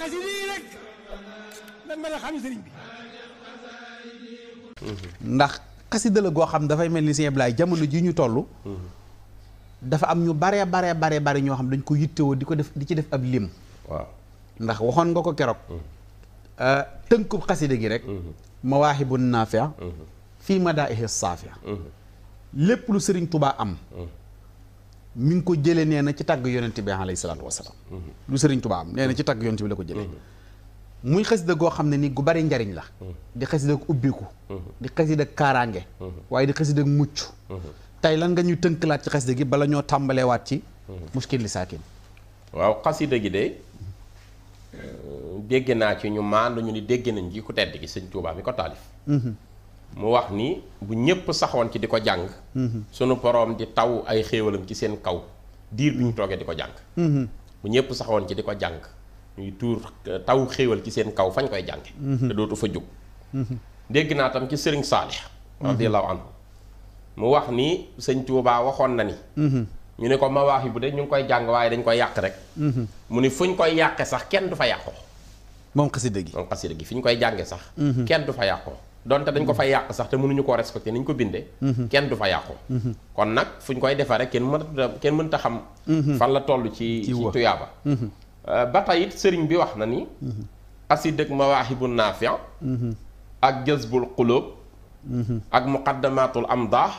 xasida yi rek lan mën xam sëriñ ndax xasida la goo xam dafay mel ni Sëñ Blaay jamono ji ñu toll dafa am ñu bare bare bare bare ñoo xam dañ ko yittewoo di ko def di ci def ab lim waaw ndax waxoon nga ko keroog mm-hmm. euh, tënkub xasida gi rek mm-hmm. mawaahibun naafia mm-hmm. fii madaa'ihi saafia lépp lu sëriñ Tuubaa am mi ngi ko jëlee nee na ci tàgg yonent bi alayhi salaatu wasalaam mm-hmm. lu sëriñ Tuubaa am nee na ci tàgg yonent bi la ko jëlee mm-hmm. muy xasida goo xam ne ni gu bari njariñ la mm-hmm. di xasida ak ubbiku di xasida ak kaaraange waaye di xasida ak mucc lan nga ñu tënkalaat ci xasida gi bala ñoo tàmbalewaat ci muskil li saakin waaw xasida gi de euh, dégg naa ci ñu maandu ñu ni dégg nañ ji ku tedd gi sëñ Tuubaa mi ko taalif mu wax nii bu ñépp saxoon ci di ko jàng mhm. sunu boroom di taw ay xéewalam ci seen kaw diir bi ñu toogee di ko jàng mhm. bu ñépp saxoon ci di ko jàng ñuy tuur euh, taw xéewal ci seen kaw fañ koy jànge mhm. te dootu fa jóg dégg naa tam ci sëriñ Saalix radiyallahu anhu mu wax ni sëñ Tuubaa waxoon na ni ñu ne ko ma mawaax yi bu de ñu ngi koy jàng waaye dañ koy yàq rek mu ni fuñ koy yàqe sax kenn du fa yàqoo moom xasida gi moom xasida gi fi ñu koy jàngee sax kenn du fa yàqoo donte dañ ko fa yàq sax te mënuñu koo respecté niñ ko bindee. Mhm. kenn du fa yàqu. Mhm. kon nag fuñ koy defaree kenn mënta kenn mënta xam. Mhm. fan la tollu ci ci tuyaaba. Euh, ba tey sëriñ bi wax na ni. ma waaxi mawaahibu naafiya ak jazbul qulub ak am amdaax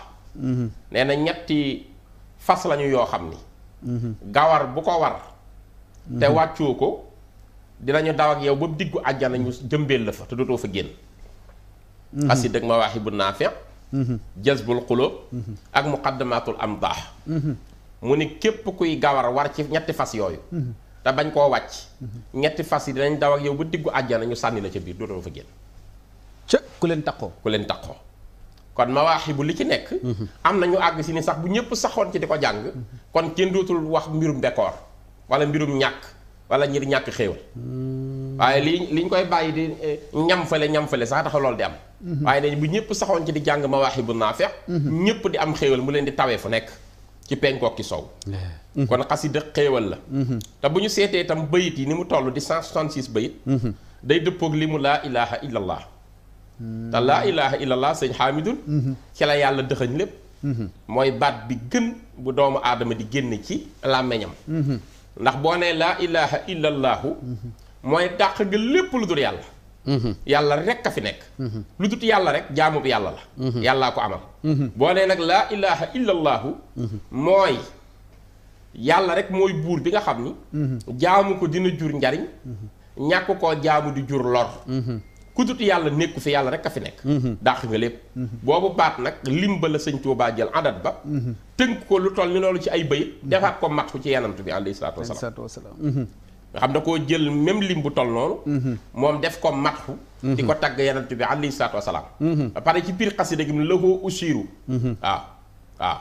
nee na ñetti fas lañu yoo xam ni. gawar bu ko war. te wàccoo ko dinañu daw ak yow ba diggu àjjana ñu jëmbeel la fa te dootoo fa génn. xasida mm-hmm. ak mawaahibu naafi mm-hmm. jazbul xulóob mm-hmm. ak muqaddamatul baax mu ni képp kuy gawar war ci ñetti fas yooyu te bañ koo wàcc ñetti fas yi dinañ daw ak yow ba diggu àjjana ñu sànni la ca biir doo fa génn ca ku leen taqoo ku leen taqoo kon mawaahibu li ci nekk am na ñu àgg si ni sax bu ñëpp saxoon ci di ko jàng kon kenn dootul wax mbirum décor wala mbirum ñàkk wala ñir ñàkk xéewal waaye li li ñu koy bàyyi di eh, ñam fale ñam fale sax tax loolu di am mhm. waaye dañ bu ñëpp saxoon ci di jàng mawaahibu naafi mhm. ñëpp di am xéewal mu leen di tawee fu nekk ci penkook ki soow mhm. kon xasida xéewal la te bu ñu seetee itam bayit yi ni mu toll di 166 bayit day dëppoog li mu laa ilaha illallah te laa ilaha illallah sëñ xaamidul ci la yàlla dëxañ lépp mooy baat bi gën bu doomu aadama di génn ci làmmeñam ndax boo nee laa ilaha mooy dàq nga lépp lu dul yàlla mhm. yàlla rek a fi nekk mhm. lu dut yàlla rek bu yàlla la mhm. yàllaa ko amal boo nee nag laa ilaha illa allaahu mooy yàlla rek mooy buur bi nga xam ni jaamu ko dina jur njariñ ñàkk koo jaamu di jur lor ku dut yàlla nekku fi yàlla rek a fi nekk dàq nga lépp boobu baat nag lim ba la sëñ Tuubaa jël adat ba tënk ko lu toll ni loolu ci ay bëyit defaat ko mat ko ci yanantu bi alayhi salaatu wasalaam nga xam da koo jël même lim bu toll noonu. Mhm. moom def ko matxu. Mhm. di ko tagg yonent bi alayhi salaatu wa salaam. Mhm. ba pare ci biir xasida gi mu lahu usiru. waaw waaw.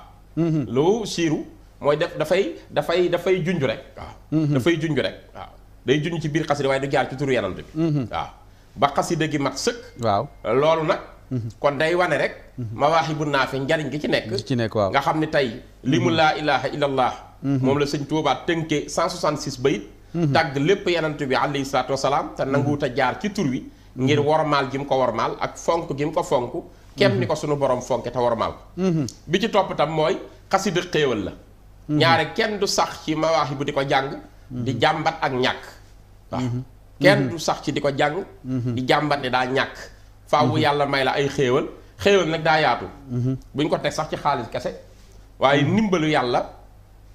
lahu usiru mooy def dafay dafay dafay junj rek. waaw dafay junj rek waaw day junj ci biir xasida waaye du jaar ci turu yonent bi. waaw ba xasida gi mat sëkk. waaw loolu nag. kon day wane rek. bu naafi njariñ gi ci nekk. ci nekk nga xam ne tey. limu laa ilaaha illallah. moom la sëñ Tuubaa tënkee 166 bayit Mm-hmm. tàgg lépp yenant bi alayhi salaatu wasalaam te mm-hmm. nanguwut a jaar ci tur wi ngir mm-hmm. wormaal gi mu ko wormaal ak fonk gi mu ko fonk kem ni ko sunu borom fonke te wormaal bi ci topp tam mooy xasida xéewal la ñaare kenn du sax ci mawaaxi bu di ko jàng di jàmbat ak ñàkk waaw kenn du sax ci di ko jàng di jàmbat ne daa ñàkk faawu yàlla may la ay xéewal xéewal nag daa yaatu buñ ko teg sax ci xaalis kese waaye ndimbalu yàlla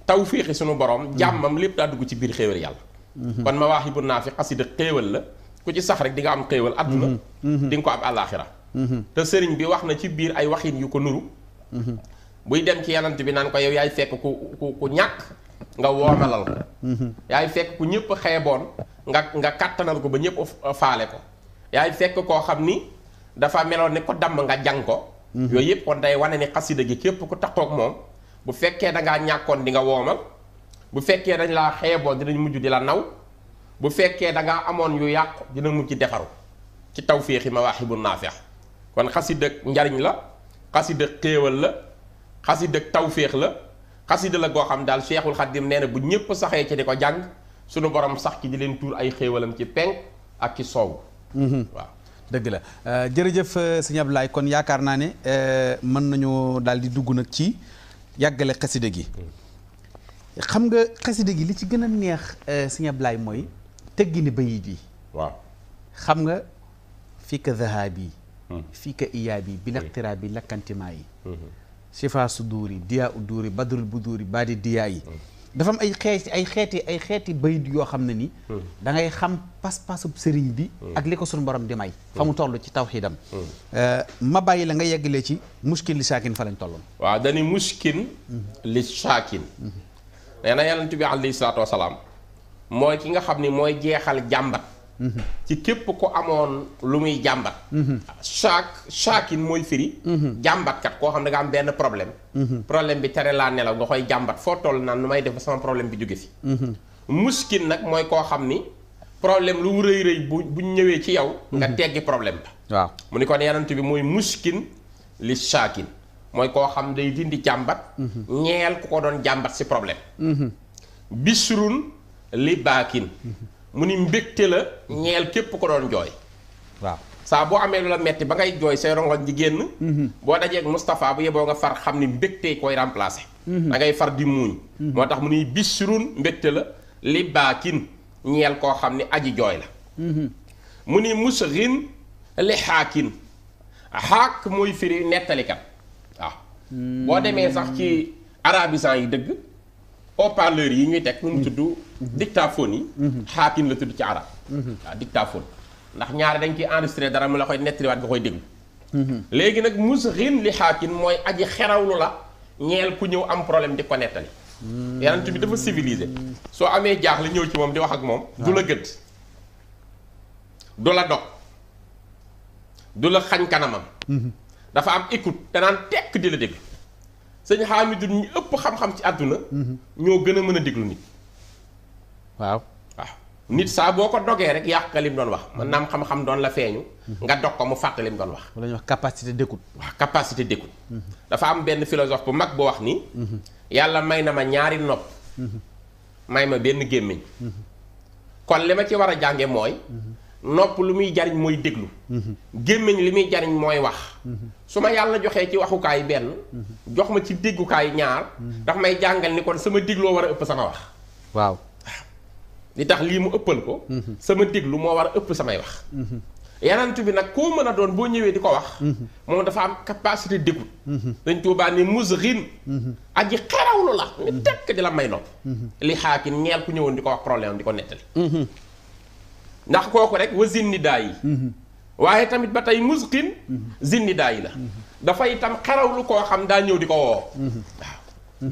taw féexi sunu borom. Mm. jàmmam lépp daa dugg ci biir xéewal yàlla. Mm-hmm. kon ma waax yi bu naa fi xasida xéewal la ku ci sax rek dinga am xéewal àdduna mm-hmm. mm-hmm. dinga ko am àllaaxira te sëriñ bi wax na ci biir ay waxiin yu ko nuru. buy dem ci yanant bi naan ko yow yaay fekk ku ku ku ñàkk nga woomalal ko. yaay fekk ku ñëpp xeeboon nga nga kàttanal ko ba ñëpp uh, faale ko. yaay fekk koo xam ni dafa meloon ne ko damm nga jàng ko. yooyu yëpp kon day wane ni xasida gi képp ku taxoog moom. bu fekkee dangaa ñàkkoon di nga woomal bu fekkee dañ laa xeeboon dinañ mujj di la naw bu fekkee da ngaa amoon yu yàqu dina mujj defaru ci yi ma tawféexi Mawaahibu Naafi' kon xasida njariñ la xasida xéewal la xasida tawféex la xasida la goo xam daal feexul Xadim nee bu ñépp saxee ci di ko jàng sunu borom sax ci di leen tuur ay xéewalam ci penk ak ci soow mhm. waaw dëgg la euh, jërëjëf euh, sëñ Abdoulaye kon yaakaar naa ne euh, mën nañu daal di dugg nag ci yàggale xasida gi xam nga xasida gi li ci gën a neex euh, sëñ Ablaay mooy teggini bayit yi waaw xam nga fii ka zahabi hmm. fii ka iyaabi bi laqtiraabi hmm. lakkantimaa yi hmm. sifa suduuri diyaa uduuri badrul buduuri baadi diyaa yi dafa am ay xeeti ay xeeti ay xeeti bayit yoo xam ne ni hmm. da ngay xam pas-pasu sëriñ bi hmm. ak li ko suñu borom di may fa mu hmm. toll ci tawxiidam eh, ma bàyyi la nga yegg lee ci mushkin li saakin fa lañ tolloon waaw dañu mushkin li saakin nee na yonent bi alayhi salaatu wasalaam mooy ki nga xam ni mooy jeexal jàmbat ci képp ko amoon lu muy jàmbat chaque chaque in mooy firi jàmbatkat koo xam ne nga am benn problème problème bi tere laa nelaw nga koy jàmbat foo toll naan nu may def ba sama problème bi jóge fi muskin nag mooy koo xam ni problème lu mu rëy rëy bu bu ñëwee ci yow nga teggi problème ba waaw mu ne ko yanant bi mooy muskin li chakin mooy koo xam day dindi jàmbat ñeel ku ko doon jàmbat si problème mm-hmm. bisrun li baakin mu ni mbégte la ñeel képp ko doon jooy waaw saa boo amee lu la metti ba ngay jooy say rongoñ ji génn mhm. boo dajee ak bu yeboo nga far xam ni mbégte koy remplacé mhm. da ngay far di muuñ mhm. moo tax mu ni bisrun mbégte la li baakin ñeel koo xam ni aji jooy la mu ni musrin li xaakin xaak mooy firi nettalikat waaw boo demee sax ci arabisants yi dëgg haut-parleurs yi ñuy teg nu mu tudd dictaphone yi. xaatim la tudd ci arab. waaw dictaphone ndax ñaare dañ koy enregistré dara mu la koy nettaliwaat nga koy déglu. léegi nag musghin li xaakim mooy aji xerawlu la ñeel ku ñëw am problème di ko nettali. yonent bi dafa civilisé. soo amee la ñëw ci moom di wax ak moom. du la gëdd du la dog du la xañ kanamam. dafa am écoute te tekk di la déglu. sëñ Hamidou ñi ëpp xam-xam ci àdduna. ñoo gën a mën a déglu nit. waaw nit saa boo ko dogee rek yàq nga doon wax mën naam xam-xam doon la feeñu mhm. nga dog ko mu fàtte lim doon wax la ñuy wax capacité d'écoute waaw capacité d'écoute mhm. dafa am benn philosophe bu mag bu wax ni mhm. yàlla may na ma ñaari nopp may ma benn gémmiñ kon li ma ci war a jànge mooy nopp lu muy jariñ mooy déglu gémmiñ li muy jariñ mooy wax su ma yàlla joxee ci waxukaay benn jox ma ci déggukaay ñaar ndax may jàngal ni kon sama dégloo war a ëpp sama wax waaw li tax lii mu ëppal ko mhm. sama déglu moo war a ëpp samay wax mhm. yanant bi nag koo mën a doon boo ñëwee di ko wax mhm. moom dafa am capacité d'écoute dañ tuubaa ni musrin aji xerawlu la mi tekk di la may nopp li xaakin ñeel ku ñëwoon di ko wax problème di ko nettali ndax kooku rek wa zinni yi waaye tamit ba tey musqin zinni daa yi la dafay itam xerawlu koo xam daa ñëw di ko woo waaw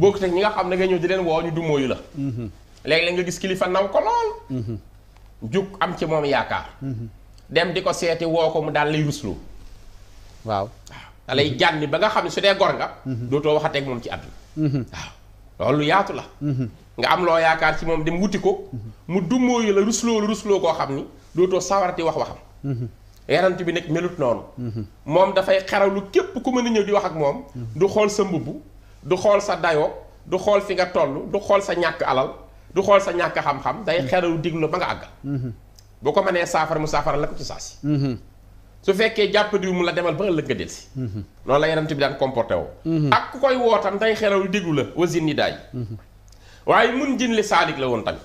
bokk teg ñi nga xam ne nga ñëw di leen woo ñu du mooyu la léeg-léeg nga gis kilifa naw ko lool. Mhm. jug am ci moom yaakaar. Mhm. dem di ko seeti woo ko mu daal lay rusloo. waaw da lay jànni ba nga xam ne su dee gor nga. Mhm. dootoo waxateeg moom ci àdduna. waaw loolu yaatu la. nga am loo yaakaar ci moom dem wuti ko. mu dummóoyu la rusloo la rusloo koo xam ni dootoo sawarati wax waxam. yonent bi nag melut noonu. moom dafay xeralu képp ku mën a ñëw di wax ak moom. du xool sa mbubb du xool sa dayo du xool fi nga toll du xool sa ñàkk alal. du xool sa ñàkk xam-xam day xeralu diglu ba nga àggal mhm. boo ko mënee saafara mu saafara la ko ci saasi mhm. su fekkee jàppadiwu mu la demal ba ëllëg nga del si noonu mhm. la yonent bi daan comporté woo ak ku koy wootam day xeralu diglu la wasin ni daay waaye mun jin li saalik la woon tamit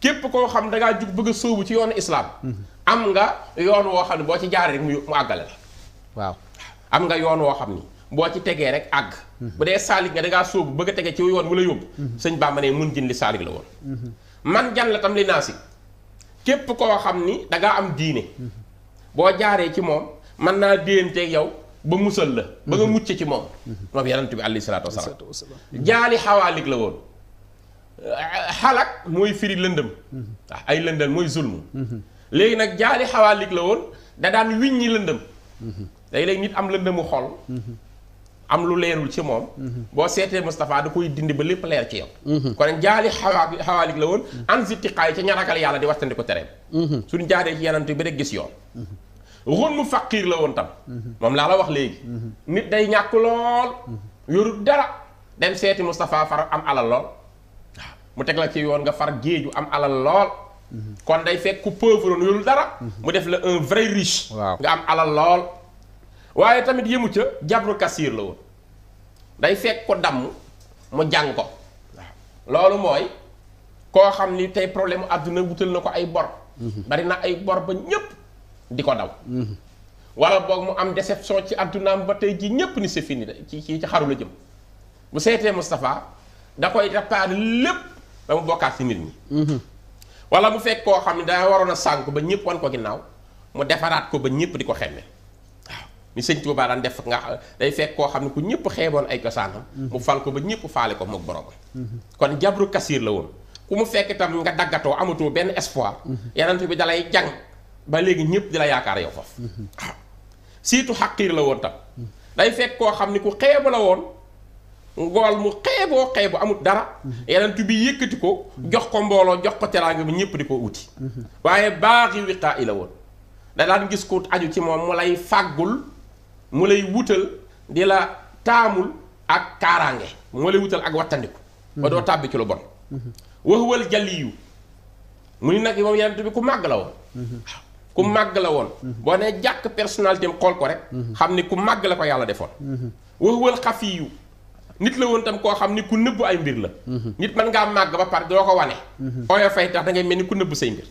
képp koo xam dangaa ngaa jug bëgg a sóobu ci yoonu islaam am nga yoon woo xam ne boo ci jaaree rek mu àggale la waaw am nga yoon woo xam ni boo ci tegee rek àgg bu dee saalik nga da ngaa sóobu tegee ci tege ci yoon wala yóbbu mhm. sëñ Bàmba ne mun jin li saalik la woon mhm. man jan tam li naa si képp koo xam ni da am diine mhm. boo jaaree ci moom mën naa déyanteeg yow ba musal la ba nga mucc ci moom moom yonent bi alayhi salaatu wasalaam jaali xawaalik la woon xalak mooy firi lëndëm waaw ah, ay lëndëm mooy zulmu léegi nag jaali xawaalik la woon da daan wiññi lëndëm léegi-léegi nit am lëndëmu xol am lu leerul ci moom boo seetee Moustapha da koy dindi ba lépp leer ci yow mhm. kon jaali xawaalik la woon mhm. an si ci ca ñaragal yàlla di waxtandi ko tereem mhm. suñ jaaree ci yanante bi rek gis yoon xun mu faqiir la woon tam moom laa la wax léegi nit day ñàkk lool yorut dara dem seeti Moustapha far am alal lool mu teg la ci yoon nga far géeju am alal lool kon day fekk ku pauvre yorul dara mu def la un vrai riche nga am alal lool waaye tamit yëmu ca jabru kasiir la woon day fekk ko damm mu jàng ko waaw loolu mooy koo xam ni tey problème àdduna wutal na ko ay bor mhm. bari na ay bor ba ñépp di ko daw mhm. wala boog mu am déception ci àddunaam ba tey ji ñépp ni c'est fini de ci ci xaru la jëm bu seetee Moustapha da koy réparé lépp ba mu bokkaat ci nit ñi mhm. wala mu fekk koo xam ne daa waroon a sànk ba ñëpp wan ko ginnaaw mu defaraat ko ba ñëpp di ko xemme ni sëñ Tuubaa daan def nga day fekk koo xam ne ku ñëpp xeeboon ay cosaanam mhm. mu fal ko ba ñëpp faale ko mook borom mhm. kon jabru kasiir la woon ku mu fekk itam nga daggatoo amatoo benn espoir mhm. yeneen bi dalay jàng ba léegi ñëpp di la yaakaar yow foofu waaw surtout xaqiir la woon tam day fekk koo xam ne ku xeebu la woon ngool mu xeeboo xeebu amut dara yenentu bi yëkkati ko jox ko mbooloo jox ko teraanga bi ñëpp di ko wuti waaye baaxi wiqaa i la woon da gis ko aju ci moom mu lay mu lay wutal di la taamul ak kaaraange moo lay wutal ak wattandiku ba doo tàbbi ci lu bon waxuwal jali yu mu ni nag moom yonent bi ku màgg la woon ku màgg la woon boo nee jàkk personnalité am xool ko rek xam ni ku màgg la ko yàlla defoon waxuwal xafi nit la woon tam koo xam ni ku nëbbu ay mbir la mhm. nit mën ngaa màgg ba par doo ko wane mhm. ooyo fay tax da mel ni ku nëbbu say mbir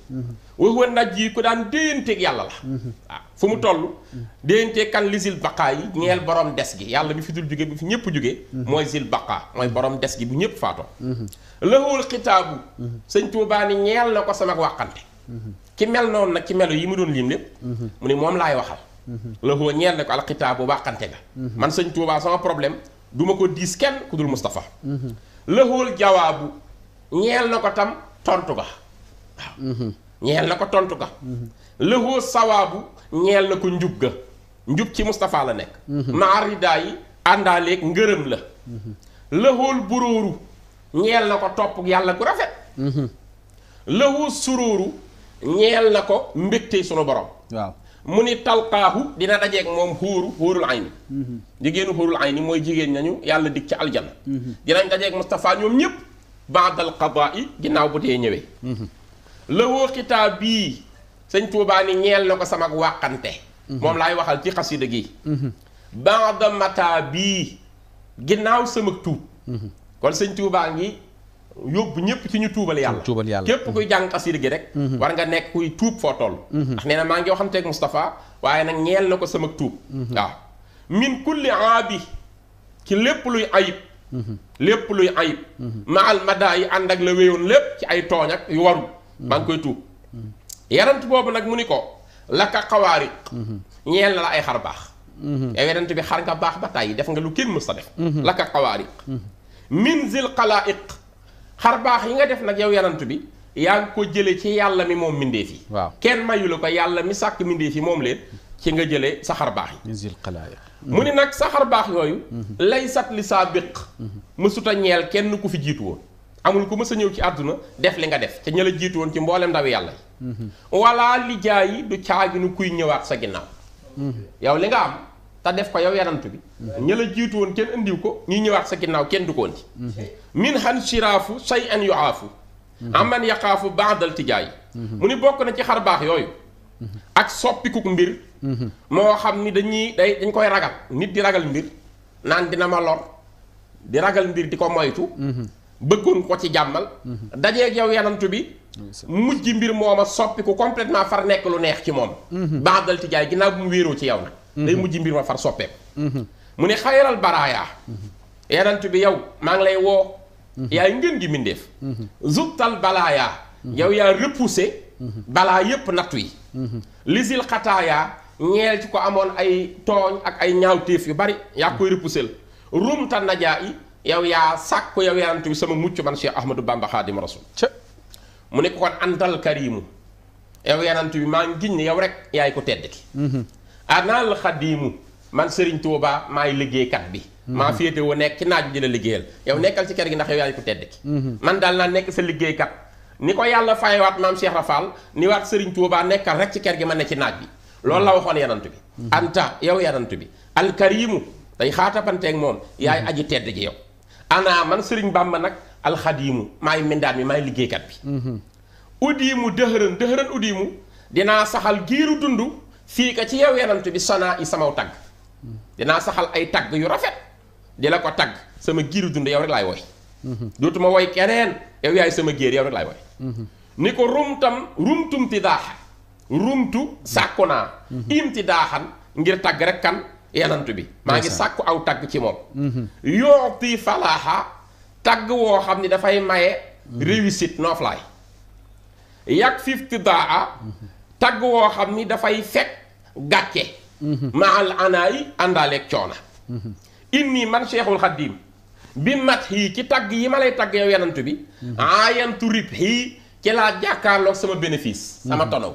wax mhm. wan naj yi ku daan déyanteeg yàlla la ah, fu mu toll déyanteeg kan li zil baqaa yi ñeel borom des gi yàlla mi fi dul jóge bi fi ñëpp jóge mooy zil baqaa mooy borom des gi bu ñëpp faatoo laxul xitaabu sëñ Tuubaa ni ñeel na ko sama waxante ki mel noonu nag ci melo yi mu doon lim lépp mu ne moom laay waxal la xoo ñeel na man sëñ Tuubaa sama problème duma ko diis kenn ku dul Moustapha. lëxul jawaabu ñeel na ko tam tontu ga. ñeel na ko tontu ga. lëxul sawaabu ñeel na ko njub ga njub ci mustafaa la nekk. maaridaa yi àndaaleeg ngërëm la. lëxul buróoru ñeel na ko topp yàlla gu rafet. lëxul suróoru ñeel na ko mbégte sunu borom. mu ni talqaahu dina dajeeg moom xóoru xóorul ayni mhm. jigéenu xóorul ni mooy jigéen ñañu yàlla dig ci aljana mhm. dinañ dajeeg Moustapha ñoom ñëpp baadal qadaa yi ginnaaw bu dee ñëwee mhm. lawoo xitaab bii sëñ Tuubaa ni ñeel na ko sama wàqante moom laay waxal ci xasida gi baada mataa bii ginnaaw sama tuub kon sëñ Tuubaa ngi yóbbu ñëpp ci ñu tuubal yàlla képp kuy jàng xasida gi rek mhm. war nga nekk kuy tuub foo toll mhm. ndax nee maa ngi waxanteeg Moustapha waaye nag ñeel na ko sama tuub mhm. waaw min kulli aabi ci lépp luy ayib lépp luy ayib maal madaa yi ànd ak la wéyoon lépp ci ay tooñ ak yu warul maa ngi koy tuub yarant boobu nag mu ni ko laka xawaariq ñeel na la ay xar baax yow yarant bi xar nga baax ba tàyyi def nga lu kenn mës def laka xawaariq min zil xar baax yi nga def nag yow yarantu bi yaa ngi ko jëlee ci yàlla mi moom mbindee fi waaw kenn mayu ko yàlla mi sàkk mbindee fi moom leen ci nga jëlee sa xar baax yi mu ni nag sa xar baax yooyu mhm. lay satli li saabiq mhm. mësuta ñeel kenn ku fi jiitu woon amul ku mës a ñëw ci àdduna def li nga def ca ña la jiitu woon ci mboolem ndaw yàlla yi mhm. wala lijaa yi du caaginu kuy ñëwaat sa ginnaaw yow li nga am te def ko yow yarantu bi ña la jiitu woon kenn indiw ko ñu ñëwaat sa ginnaaw kenn du ko indi min xan siraafu say an yu aafu aman baax dal tijaay mu ni bokk na ci xar baax yooyu ak soppikuk mbir moo xam ni dañuy day dañ koy ragat nit di ragal mbir naan dina ma lor di ragal mbir di ko moytu bëggoon ko ci jàmmal dajeeg yow yanantu bi mujj mbir mooma soppiku complètement far nekk lu neex ci moom mhm. baadal tijaay ginnaaw bu mu wéeroo ci yow nag Mm-hmm. day mujj mbir ma far soppeeku. Mm-hmm. mu ne xayaral baraayaa. Mm-hmm. yarantu bi yow maa ngi lay woo. yaay ngeen gi mindeef. zubtal balaayaa. yow yaa repoussé. balaa yépp nattu yi. lisil xataayaa ñeel ci ko amoon ay tooñ ak ay ñaawteef yu bari yaa koy repoussé rumta najaa yi yow yaa sàkku yow yarantu bi sama mucc man Cheikh Ahmadou Bamba Xaadim Rasul mu ne ko kon antal karimu yow yarantu bi maa ngi giñ ne yow yaay ko tedd ki anaal ah, xadiimu man Serigne Touba maay liggéeykat bi. Mhm. maa féete woo nekk ci naaj bi dina liggéeyal. yow mhm. nekkal ci kër gi ndax yow yaay ko tedd ki mhm. man daal naa nekk sa liggéeykat. ni ko yàlla fayewaat maam Cheikh Rafal ni waat Serigne Touba nekkal rek ci kër gi ma ne ci naaj bi. loolu la waxoon yanantu bi. Anta yow yanantu bi. alkariimu xaata xaatapanteeg moom yaay aji tedd ji yow. ana man Serigne Bamba nag alxadiimu maay mindaan bi maay liggéeykat bi. udiimu dëhëran dëhëran udiimu dinaa saxal giiru dund. fii ka ci yow yonent bi sanaa yi samaw tagg dinaa saxal ay tàgg yu rafet di la ko tagg sama giiru dund yow rek laay woy dootuma woy keneen yow yaay sama géer yow rek laay woy ni ko rumtam rumtum ti daaxa sàkku naa im ti ngir tàgg rek kan yonent bi maa ngi sàkku aw tàgg ci moom yooti falaaxa tagg woo xam ni dafay maye réussite nooflaay yàgg fifti daa woo xam ni dafay fekk gàcce maal anaayi àndaaleeg coona inni man cheikhul xaddim bi mat xii ci tagg yi ma lay tagg yow yanant bi aayantu rib xii ci laa jàkkaarloog sama bénéfice sama tonaw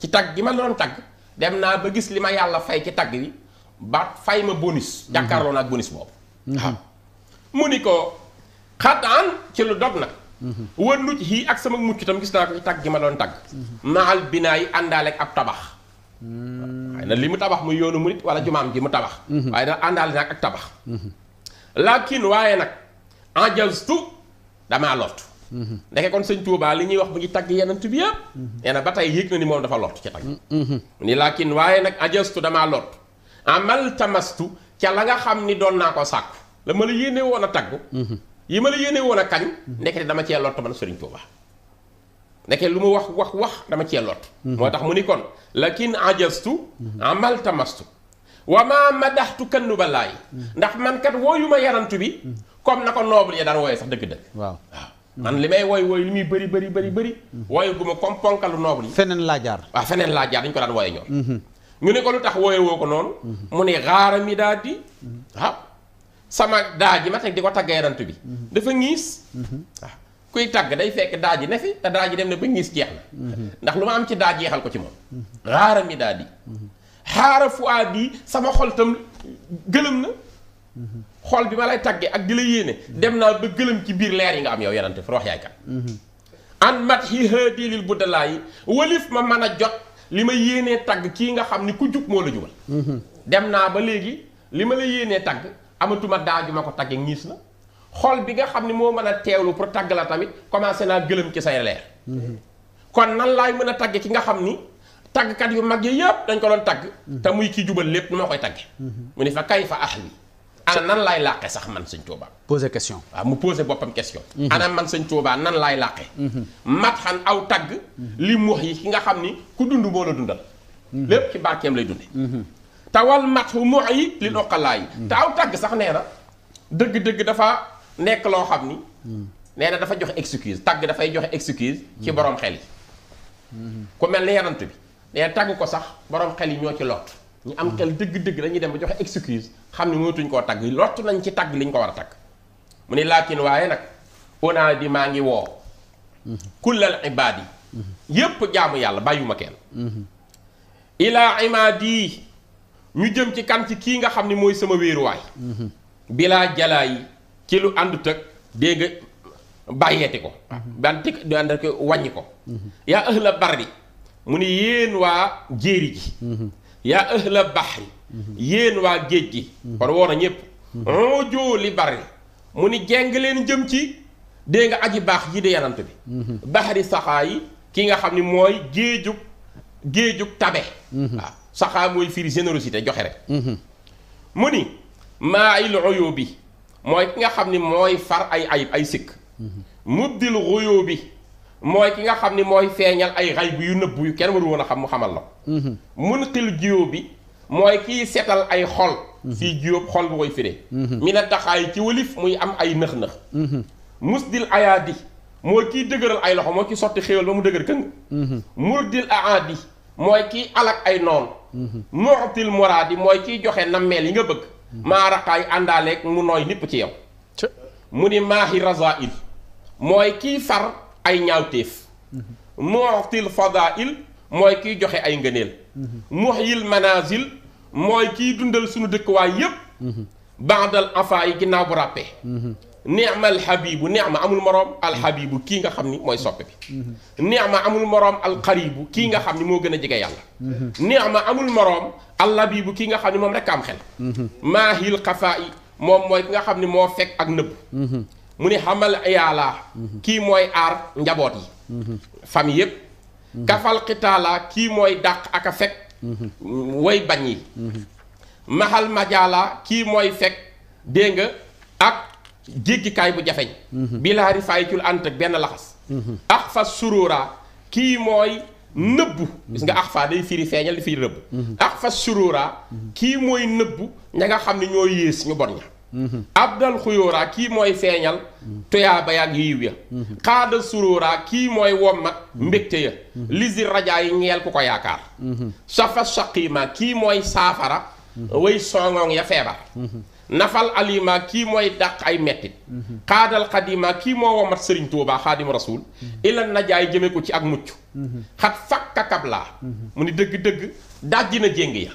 ci tagg gi ma doon tagg dem naa ba gis li ma yàlla fay ci tagg bi ba fay ma bonus jàkkaarloo naag bonus boobu waaw mu ni ko xataan ci lu dog nag wan nuj xii ak sama mucc tam gis naa ko ci tagg gi ma doon tagg maal binaa yi àndaaleeg ab tabax xëy na li mu tabax muy yoonu murit wala jumaam ji mu tabax mhm. waaye nag àndaal nag ak tabax mhm. laakin waaye nag en jaztu damaa lot mhm. ndeke kon sëñ Touba li ñuy wax mu ngi tagg yenant bi yëpp nee na ba tey yëg na ni moom dafa lott ci tagg ni laakin waaye nag en jaztu damaa lott amal tamastu ca la nga xam ni doon naa ko sàkku la ma la yéene woon a tagg yi ma la yéene woon a kañ ndeke dama cee lott man sëriñ Touba ndeke lu mu wax wax wax dama cee lott moo tax mu ni lakin ajastu amal tamastu wa ma madaxtu kan nu ba laay ndax man kat wooyu ma yarantu bi comme na ko noble ya daan wooyee sax dëgg-dëgg waaw waaw man li may wooy wooy li muy bëri bëri bëri bëri wooyu gu ma comme ponkalu noble yi feneen laa jaar waaw feneen laa jaar dañu ko daan wooyee ñoom mhm. ñu ne ko lu tax wooye woo ko noonu mhm. mu ne xaara mi daa di mhm. waaw sama daa ji ma teg di ko tagg yarantu bi dafa ngiis kuy tàgg day fekk daa ji ne fi te daa ji dem na ba ngis jeex na ndax lu ma am ci daa jeexal ko ci moom xaara mi daa di xaara fois bii sama xol tam gëlëm na xol bi ma lay tàggee ak di la yéene dem naa ba gëlëm ci biir leer yi nga am yow yenante fa wax yaay kan an mat yi haadilil bu dalaa yi walif ma mën a jot li ma yéenee tagg kii nga xam ni ku jub moo la jubal dem naa ba léegi li ma la yéenee tagg amatuma daa ma ko tagge ngiis na xol bi nga xam ne moo mën a teewlu pour tàgg la tamit commencé naa gëlëm ci say leer. kon nan laay mën a tàgg ci nga xam ni tàggkat yu mag yi yëpp dañ ko doon tagg te muy ki jubal lépp nu ma koy tàgge mu ne fa kay fa ahli ana nan laay làqe sax man sañ Tuubaa poser question waaw mu poser boppam question mhm. ana man sañ Tuubaa nan laay làqe mhm. mat xan aw tagg mhm. li mux yi ki nga xam ni ku dund boo la dundal lépp ci barkeem lay dunde tawal mat xu mux yi li noqalaa yi te tagg sax nee na nekk loo xam ni. Hmm. nee na dafa joxe excuse tàgg dafay joxe excuse. Hmm. ci boroom xel yi. Hmm. ku mel ni yanant bi nee na tàgg ko sax boroom xel yi ñoo ci lot. ñu am xel dëgg-dëgg dañuy dem ba joxe excuse xam ne mootuñ koo tàgg lott nañ ci tàgg li ko war a tagg mu ne laakin waaye nag onaa di maa ngi woo. kullal ibaad yi. yépp jaamu yàlla bàyyuma kenn. ilaa imaadi ñu jëm ci kan ci kii nga xam ni mooy sama wéeruwaay. bilaa jalaa yi. ci lu àndut ak dégg nga bàyyeeti ko bante mhm. ko wàññi ko mhm. yaa ahla barri mu ni yéen waa jéeri ji mhm. yaa ahla baxri yéen waa géej gi kon woon ñépp oojoo li barri mu ni jeng leen jëm ci dégg nga aji baax ji di yanant bi baxari saxaa yi ki nga xam ni mooy géejug géejug tabe saxaa mooy firi générosité joxe rek mu ni maa il oyo bi mooy ki nga xam ni mooy far ay ayib ay sikk mubdil xuyoo bi mooy ki nga xam ni mooy feeñal ay xay bu yu nëbbu yu kenn waru a xam mu xamal la mun xil jiyoo bi mooy kiy setal ay xol si jiyóob xol bu koy firee mi na taxaay ci walif muy am ay nëx-nëx musdil di mooy kiy dëgëral ay loxo moo ci sotti xéewal ba mu dëgër këng murdil aadi mooy kiy alak ay noonu muxtil moraadi mooy kiy joxe nammeel yi nga bëgg maa raqaay àndaaleeg mu nooy nipp ci yow mu ni maaxi razail mooy kiy far ay ñaawteef mutil fadail mooy kiy joxe ay ngëneel muhyil manazil mooy kiy dundal suñu dëkkuwaay yépp mm-hmm. bandal enfant yi ginnaaw bu ràppee mm-hmm. neema alxabibu neema amul moroom alxabibu kii nga xam ni mooy soppe bi neema amul moroom alxaribu kii nga xam ni moo gën a jege yàlla neema amul moroom allabibu kii nga xam ni moom rek am xel maahil xafaa yi moom mooy ki nga xam ni moo fekk ak nëbb mu ni xamal yàlla kii mooy aar njaboot yi famille yépp kafal xitaala kii mooy dàq ak a fekk way bañ yi maxal majaala kii mooy fekk dégg nga ak jéggikaay bu jafeñ mhm. bilaari faayicul ànd ak benn laxas mhm. ax fa suróoraa kii mooy nëbbu gis nga mhm. ax fa day firi feeñal di firi rëbb ax fa kii mooy nëbbu ña nga xam ni ñoo yées ñu bon ña abdal xuyóoraa kii mooy feeñal toyaaba yaag yiw ya xaada suróoraa kii mooy wommat mbégte ya lisir rajaa yi ñeel ku ko yaakaar safa saqiima kii mooy saafara way songoŋ ya feebar nafal alima kii mooy dàq ay mettit mhm. xaadal xadima kii moo womat sëriñ tuubaa xaadim rasul mhm. ilan najaay jëme ko ci ak mucc mhm. xat fakka kablaa mu ni dëgg-dëgg dajji na jéng ya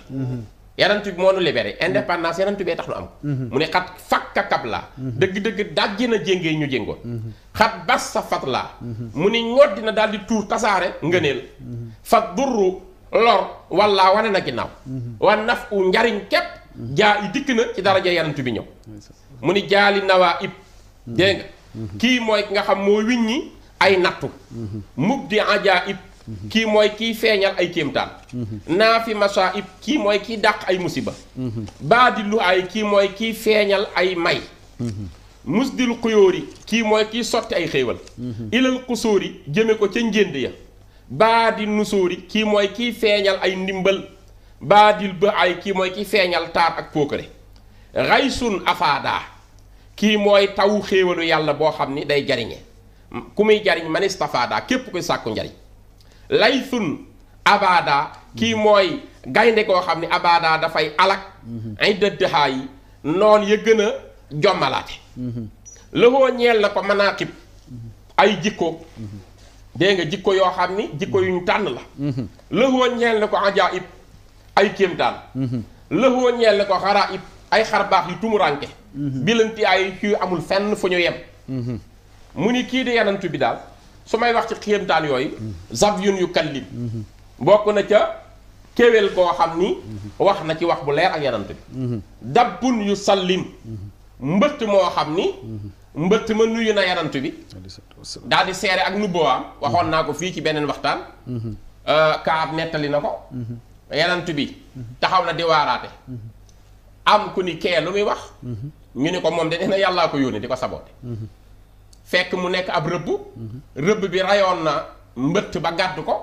yarantu bi moo tax nu am mu ne xat dëgg-dëgg dajji na jéng yi ñu jéngoon xat bas sa fat laa mu ni ñoddi na daal di tuur tasaare ngëneel fa durru lor walla wane na ginnaaw wa naf u njariñ képp jaa dikk na ci daraja yanantu bi ñëw mu ni jaali nawaa ib dégg nga kii mooy ki nga xam moo wiññi ay nattu mub di ajaa ib kii mooy kiy feeñal ay kéemtaan naa fi ib kii mooy kiy dàq ay musiba baa di lu ay kii mooy kiy feeñal ay may musdil xuyóori kii mooy kiy sotti ay xéewal ilal xusóori jëme ko ca njénd ya baa di nusóori kii mooy kiy feeñal ay ndimbal baadil ba ay kii mooy ki feeñal taar ak pookare xaysun afaadaa kii mooy taw xéewalu yàlla boo xam ni day jariñe ku muy jariñ man istafaadaa képp koy sàkku njariñ laysun abaadaa kii mooy gaynde koo xam ni abaadaa dafay alak mhm. ay dëddëxaa yi noon ya gën a jommalaate mhm. lëxoo ñeel na ko manaaqib mhm. ay jikko dégg nga jikko yoo xam ni jikko yuñ tànn la lëxoo ñeel na ko ajaib ay kéemtaan lëxoo ñeel ko xaraa it ay xar baax yu tumuranke bilanti ay ci amul fenn fu ñu yem mu ni kii di yanantu bi daal su may wax ci kéemtaan yooyu zab yun yu kallim bokk na ca kéwél goo xam ni wax na ci wax bu leer ak yanant bi dabbun yu sallim mbëtt moo xam ni mbëtt ma nuyu na yanant bi daal di seere ak am waxoon naa ko fii ci beneen waxtaan mhm. euh, kaab nettali na ko mhm. yenant bi taxaw na di waaraate am ku ni kee lu muy wax ñu ni ko moom de nee na yàllaa ko yónni di ko saboote fekk mu nekk ab rëbb rëbb bi rayoon na mbëtt ba gàdd ko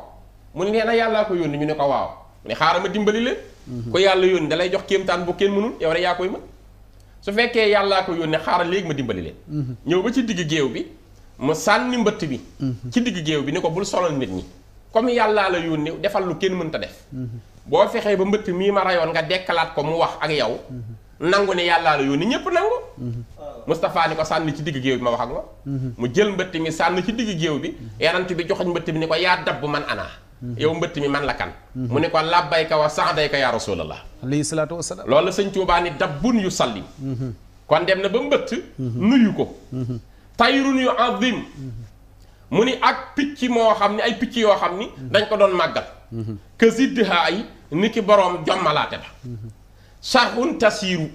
mu ni nee na yàllaa ko yónni ñu ne ko waaw mu ne xaaral ma dimbali leen ko yàlla yónni dalay jox kéemtaan bu kenn mënul yow rek yaa koy mën su fekkee yàllaa ko yónni xaaral léegi ma dimbali leen ñëw ba ci digg géew bi mu sànni mbëtt bi ci digg géew bi ni ko bul solal nit ñi comme yàllaa la yónni defal lu kenn mënta def boo fexee ba mbëtt mii ma rayoon nga dekkalaat ko mu wax ak yow nangu ne yàllaa la yónni ñëpp nangu Moustapha ni ko sànn ci diggu géew bi ma wax ak ma mu jël mbëtt mi sànni ci diggu géew bi yarant bi joxoñ mbëtt mi ne ko yaa dabb man ana yow mbëtt mi man la kan mu ne ko labbayka wa sa'dayka yaa rasulallah alayhi salaatu wasalaam loolu la sëñ Tuubaa ni dabbun yu sallim kon dem na ba mbëtt nuyu ko tayrun yu azim mu ni ak picc moo xam ni ay picc yoo xam ni dañ ko doon màggal ni ki boroom jommalaate ba sarxun tasiiru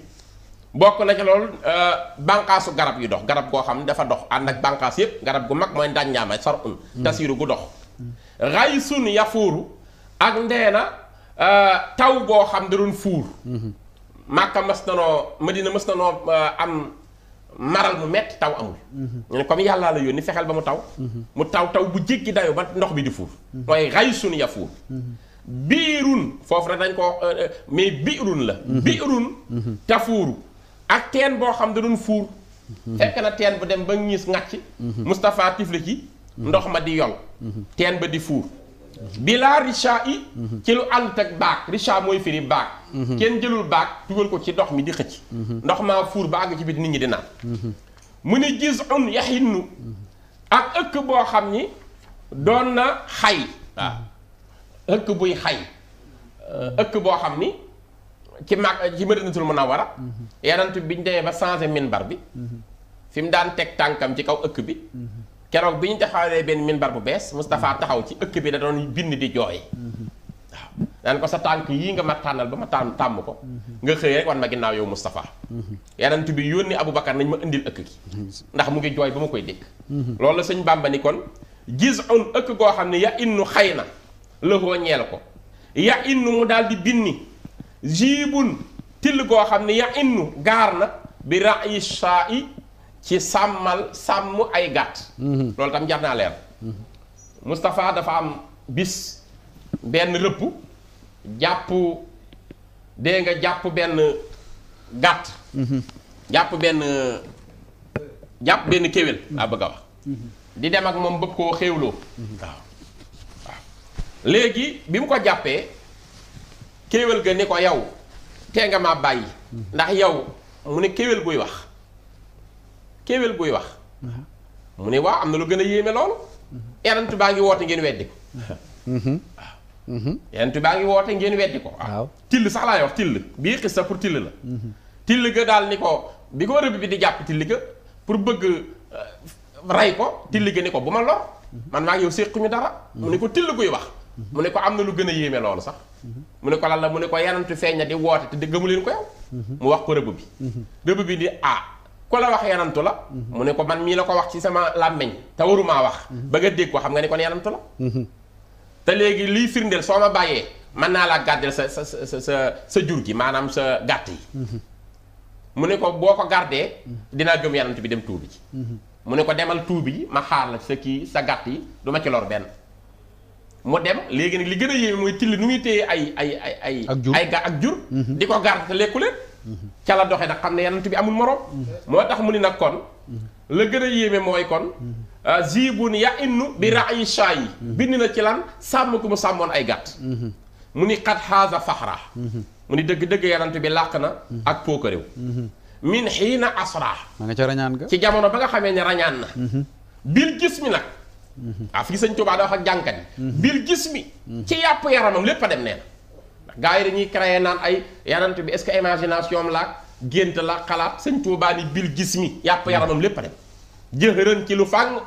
bokk na ci loolu euh, bànqaasu garab yu dox garab goo xam ne dafa dox ànd ak bànqaas yépp garab gu mag mooy ndànjaama sarxun tasiiru gu dox raysun yafuuru ak ndeena euh, taw boo xam da doon fuur màkka mës na noo madina mës na noo euh, am maral mu metti taw amul mhm. ñu ne comme yàllaa la yónni fexeel ba mu taw mhm. mu taw taw bu jéggi dayo ba ndox bi di fuur mhm. mooy raysun yafuur biirun foofu rek dañ ko euh, euh, mais biirun la mhm. biirun mhm. tafuuru ak teen boo xam da doon fuur mhm. fekk na teen bu dem ba ñiis ngàcc Moustapha tifli ci ndox ma di yol teen ba di fuur bilaa richa yi ci lu ànd ak baak richa mooy firi baak kenn jëlul baak dugal ko ci ndox mi di xëcc ndox maa fuur ba àgg ci biir nit ñi di naan mu ne gis un yaxinnu ak ëkk boo xam ni doon na xay ah. ëkk buy xay euh, ëkk boo xam ni ci mag ci Madinatul Munawwara mhm. yonent bi ñu demee ba changé minbar bi mhm. fi mu daan teg tànkam ci kaw ëkk bi mhm. keroog bi ñu taxawee benn minbar bu bees Moustapha taxaw ci ëkk bi da doon bind di jooy waaw naan ko sa tànk yii nga ma tànnal ba ma tànn tàmm ko nga xëy rek wan ma ginnaaw yow Moustapha yonent bi yoon yónni Aboubacar nañ ma indil ëkk gi ndax mu ngi jooy ba ma koy dégg loolu la sëñ ni kon gis un ëkk goo xam ne ya innu xay na lëxoo ñeel ko ya mu daal di binni jiibun till goo xam ne ya innu gaar na bi rayi i ci sàmmal sàmm ay gàtt mhm. loolu tam jar naa mhm. dafa am bis benn rëpp jàpp dee nga jàpp benn gàtt mhm. jàpp benn jàpp benn kéwél laa bëgg a di dem ak moom bëgg koo xéewloo léegi bi mu ko jàppee kéwél ga ni ko yow tee nga maa bàyyi ndax yow mu ne kéwél buy wax kéwél buy wax mu ne waaw am na lu gën a yéeme loolu erantu baa ngi woote ngeen weddi ko waaw erantu baa ngi woote ngeen weddi ko ah, waaw till sax laay wax till bii xis sa pour till la till ga daal ni ko bi ko rëbb bi di jàpp till ga pour bëgg euh, rey ko till ga ni ko bu ma lor man maa ngi yow séquñu dara mu ne ko till guy wax mu ne ko am na lu gën a yéeme loolu sax mu ne ko lan la mu ne ko yanantu feeñ na di woote te di gëmu leen ko yow mu wax ko rëbb bi rëbb bi di ah ku la wax yanantu la mu ne ko man mii la ko wax ci sama làmmeñ te warumaa wax ba nga dégg ko xam nga ne kon yanantu la te léegi liy firndeel soo ma bàyyee mën naa laa gàddeel sa sa sa sa sa jur gi maanaam sa gàtt yi mu ne ko boo ko gàrdee dinaa gëm yanant bi dem tuubi ji mu ne ko demal tuubi ji ma xaar la sa kii sa gàtt yi du ma ci lor benn mu dem léegi nag li gën a yéeme mooy till nu muy téye ay ay ay ay. ak jur ak jur. Mhm. di ko garde te mhm. ca la doxee nag xam ne yanant bi amul morom. Mhm. moo tax mu ni nag kon. la gën a yéeme mooy kon. Euh, zibun ya innu bi raay saa yi. bind na ci lan sàmm ku mu sàmmoon ay gàtt. mu ni xat xaaza faxra. mu ni dëgg-dëgg yanant bi làq na. ak pookaréew. min xiina asra. ma nga ca rañaan ga ci jamono ba nga xamee ne rañaan na. bil gis mi nag. waaw mm-hmm. fii sëñ Tuubaa da wax ak jànkat yi mm-hmm. bil gis mi mm-hmm. ci yàpp yaramam lépp a dem nee na gaa yi dañuy créé naan ay yanant bi est-ce que imagination laak gént la xalaat sëñ Tuubaa ni bil gis mi yàpp yaramam lépp a dem jëxëran ci lu fàng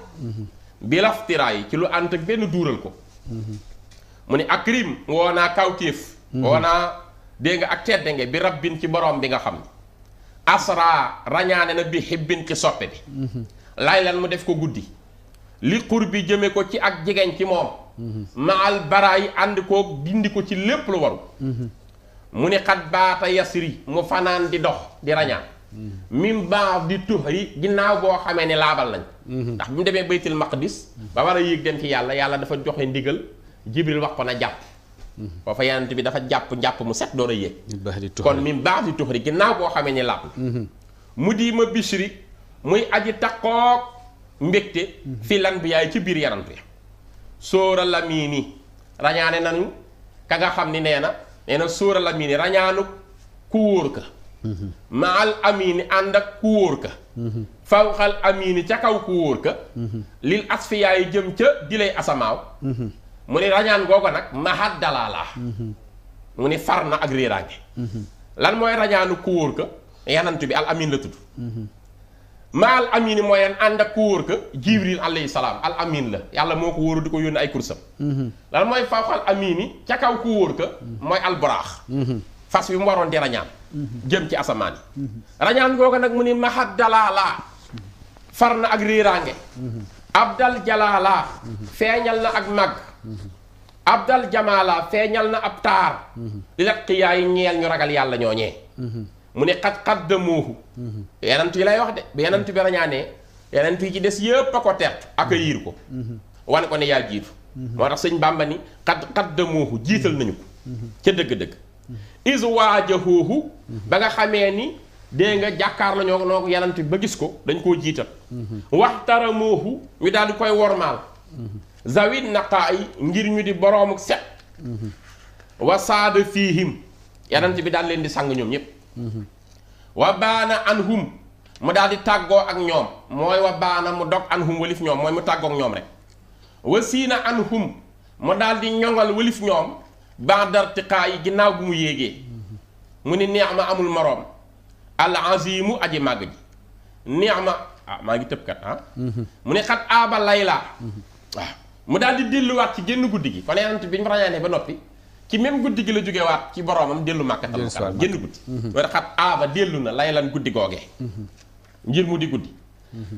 bilaf tiraa yi ci lu ànd ak benn duural ko mu ne ak rim woo naa kawtéef woo ak tedde bi rabbin ci borom bi nga xam ne asra rañaane na bi xibbin ci soppe bi lay mu def ko guddi li xur bi jëme ko ci ak jegeñ ci moom mhm. maal baraay ànd koo dindi ko ci lépp lu waru mhm. mu ni xat baata yasri mu fanaan di dox di rañaan mhm. mim baax di tux yi ginnaaw boo xamee ne laabal nañ ndax bi mu demee baytil maqdis ba war a yéeg dem ci yàlla yàlla dafa joxe ndigal jibril wax ko na jàpp boo fa bi dafa jàpp njàpp mu set door a yéeg kon mim baax di tux ginnaaw boo xamee ne laab la mu diima bishri muy aji taqoog mbégte fi lan bi yaay ci biir yaram bi sóora lamiini rañaane nañu ka nga xam ni nee na nee na sóora lamiini rañaanu ku wóor ka mhm. maal amiini ànd ak ku wóor ka mhm. fawxal amiini ca kaw ku wóor ka mhm. lil asfi yaay jëm ca di lay asamaaw mu ni rañaan googa nag mahat dalaalaa mu ni far na ak réeraange lan mooy rañaanu ku wóor ka yanantu bi al amin la tudd maal amini mooy yan ànd ak ku wóor ka jibril alayhi salaam al amin la yàlla moo ko wóoru di ko yónni ay kursam mhm. lan mooy faaxal amiini ca kaw ku wóor ka mhm. mooy alburaax mhm. fas wi mu waroon di rañaan jëm ci asamaan yi rañaan googa nag mu ni mahad dalaalaa far na ak réeraange abdal jalaalaa feeñal na ak mag abdal jamaala feeñal na ab taar li lat ñeel ñu ragal yàlla ñooñee mu ne xat xat damoohu mm-hmm. yenant yi lay wax de ba yenant bi rañaanee yenant yi ci des yëpp a ko a accueillir ko mm-hmm. wane ko ne yaa jiitu mm-hmm. moo tax sëñ Bàmba ni xat xat damoohu jiital nañu ko ca dëgg-dëgg is waajahoohu ba nga xamee ni dégg nga jàkkaar la ñoo yenant bi ba gis ko dañ koo jiital waxtaramoohu ñu daal di koy wormaal zawit naqaa yi ngir ñu di boroomu set wasaada fiihim yenant bi daal leen di sang ñoom ñëpp wa baana anhum mu daal di tàggoo ak ñoom mooy wa mu dog anhum walif ñoom mooy mu tàggook ñoom rek wa siina anhum mu daal di ñoŋal walif ñoom bandartiqaa yi ginnaaw bi mu yéegee mu ni neex ma amul moroom al azimu aji màgg ji neex ma ah maa ngi tëbkat ah mu ne xat aaba laylaa mm-hmm. ah, waaw mu daal di delluwaat ci génn guddi gi kon bi ñu ràññaanee ba noppi ci même guddi gi la jóge waat ci boroomam dellu màkka tam karam génn guddi war xat aaba dellu na lay lan guddi googee ngir mu di guddi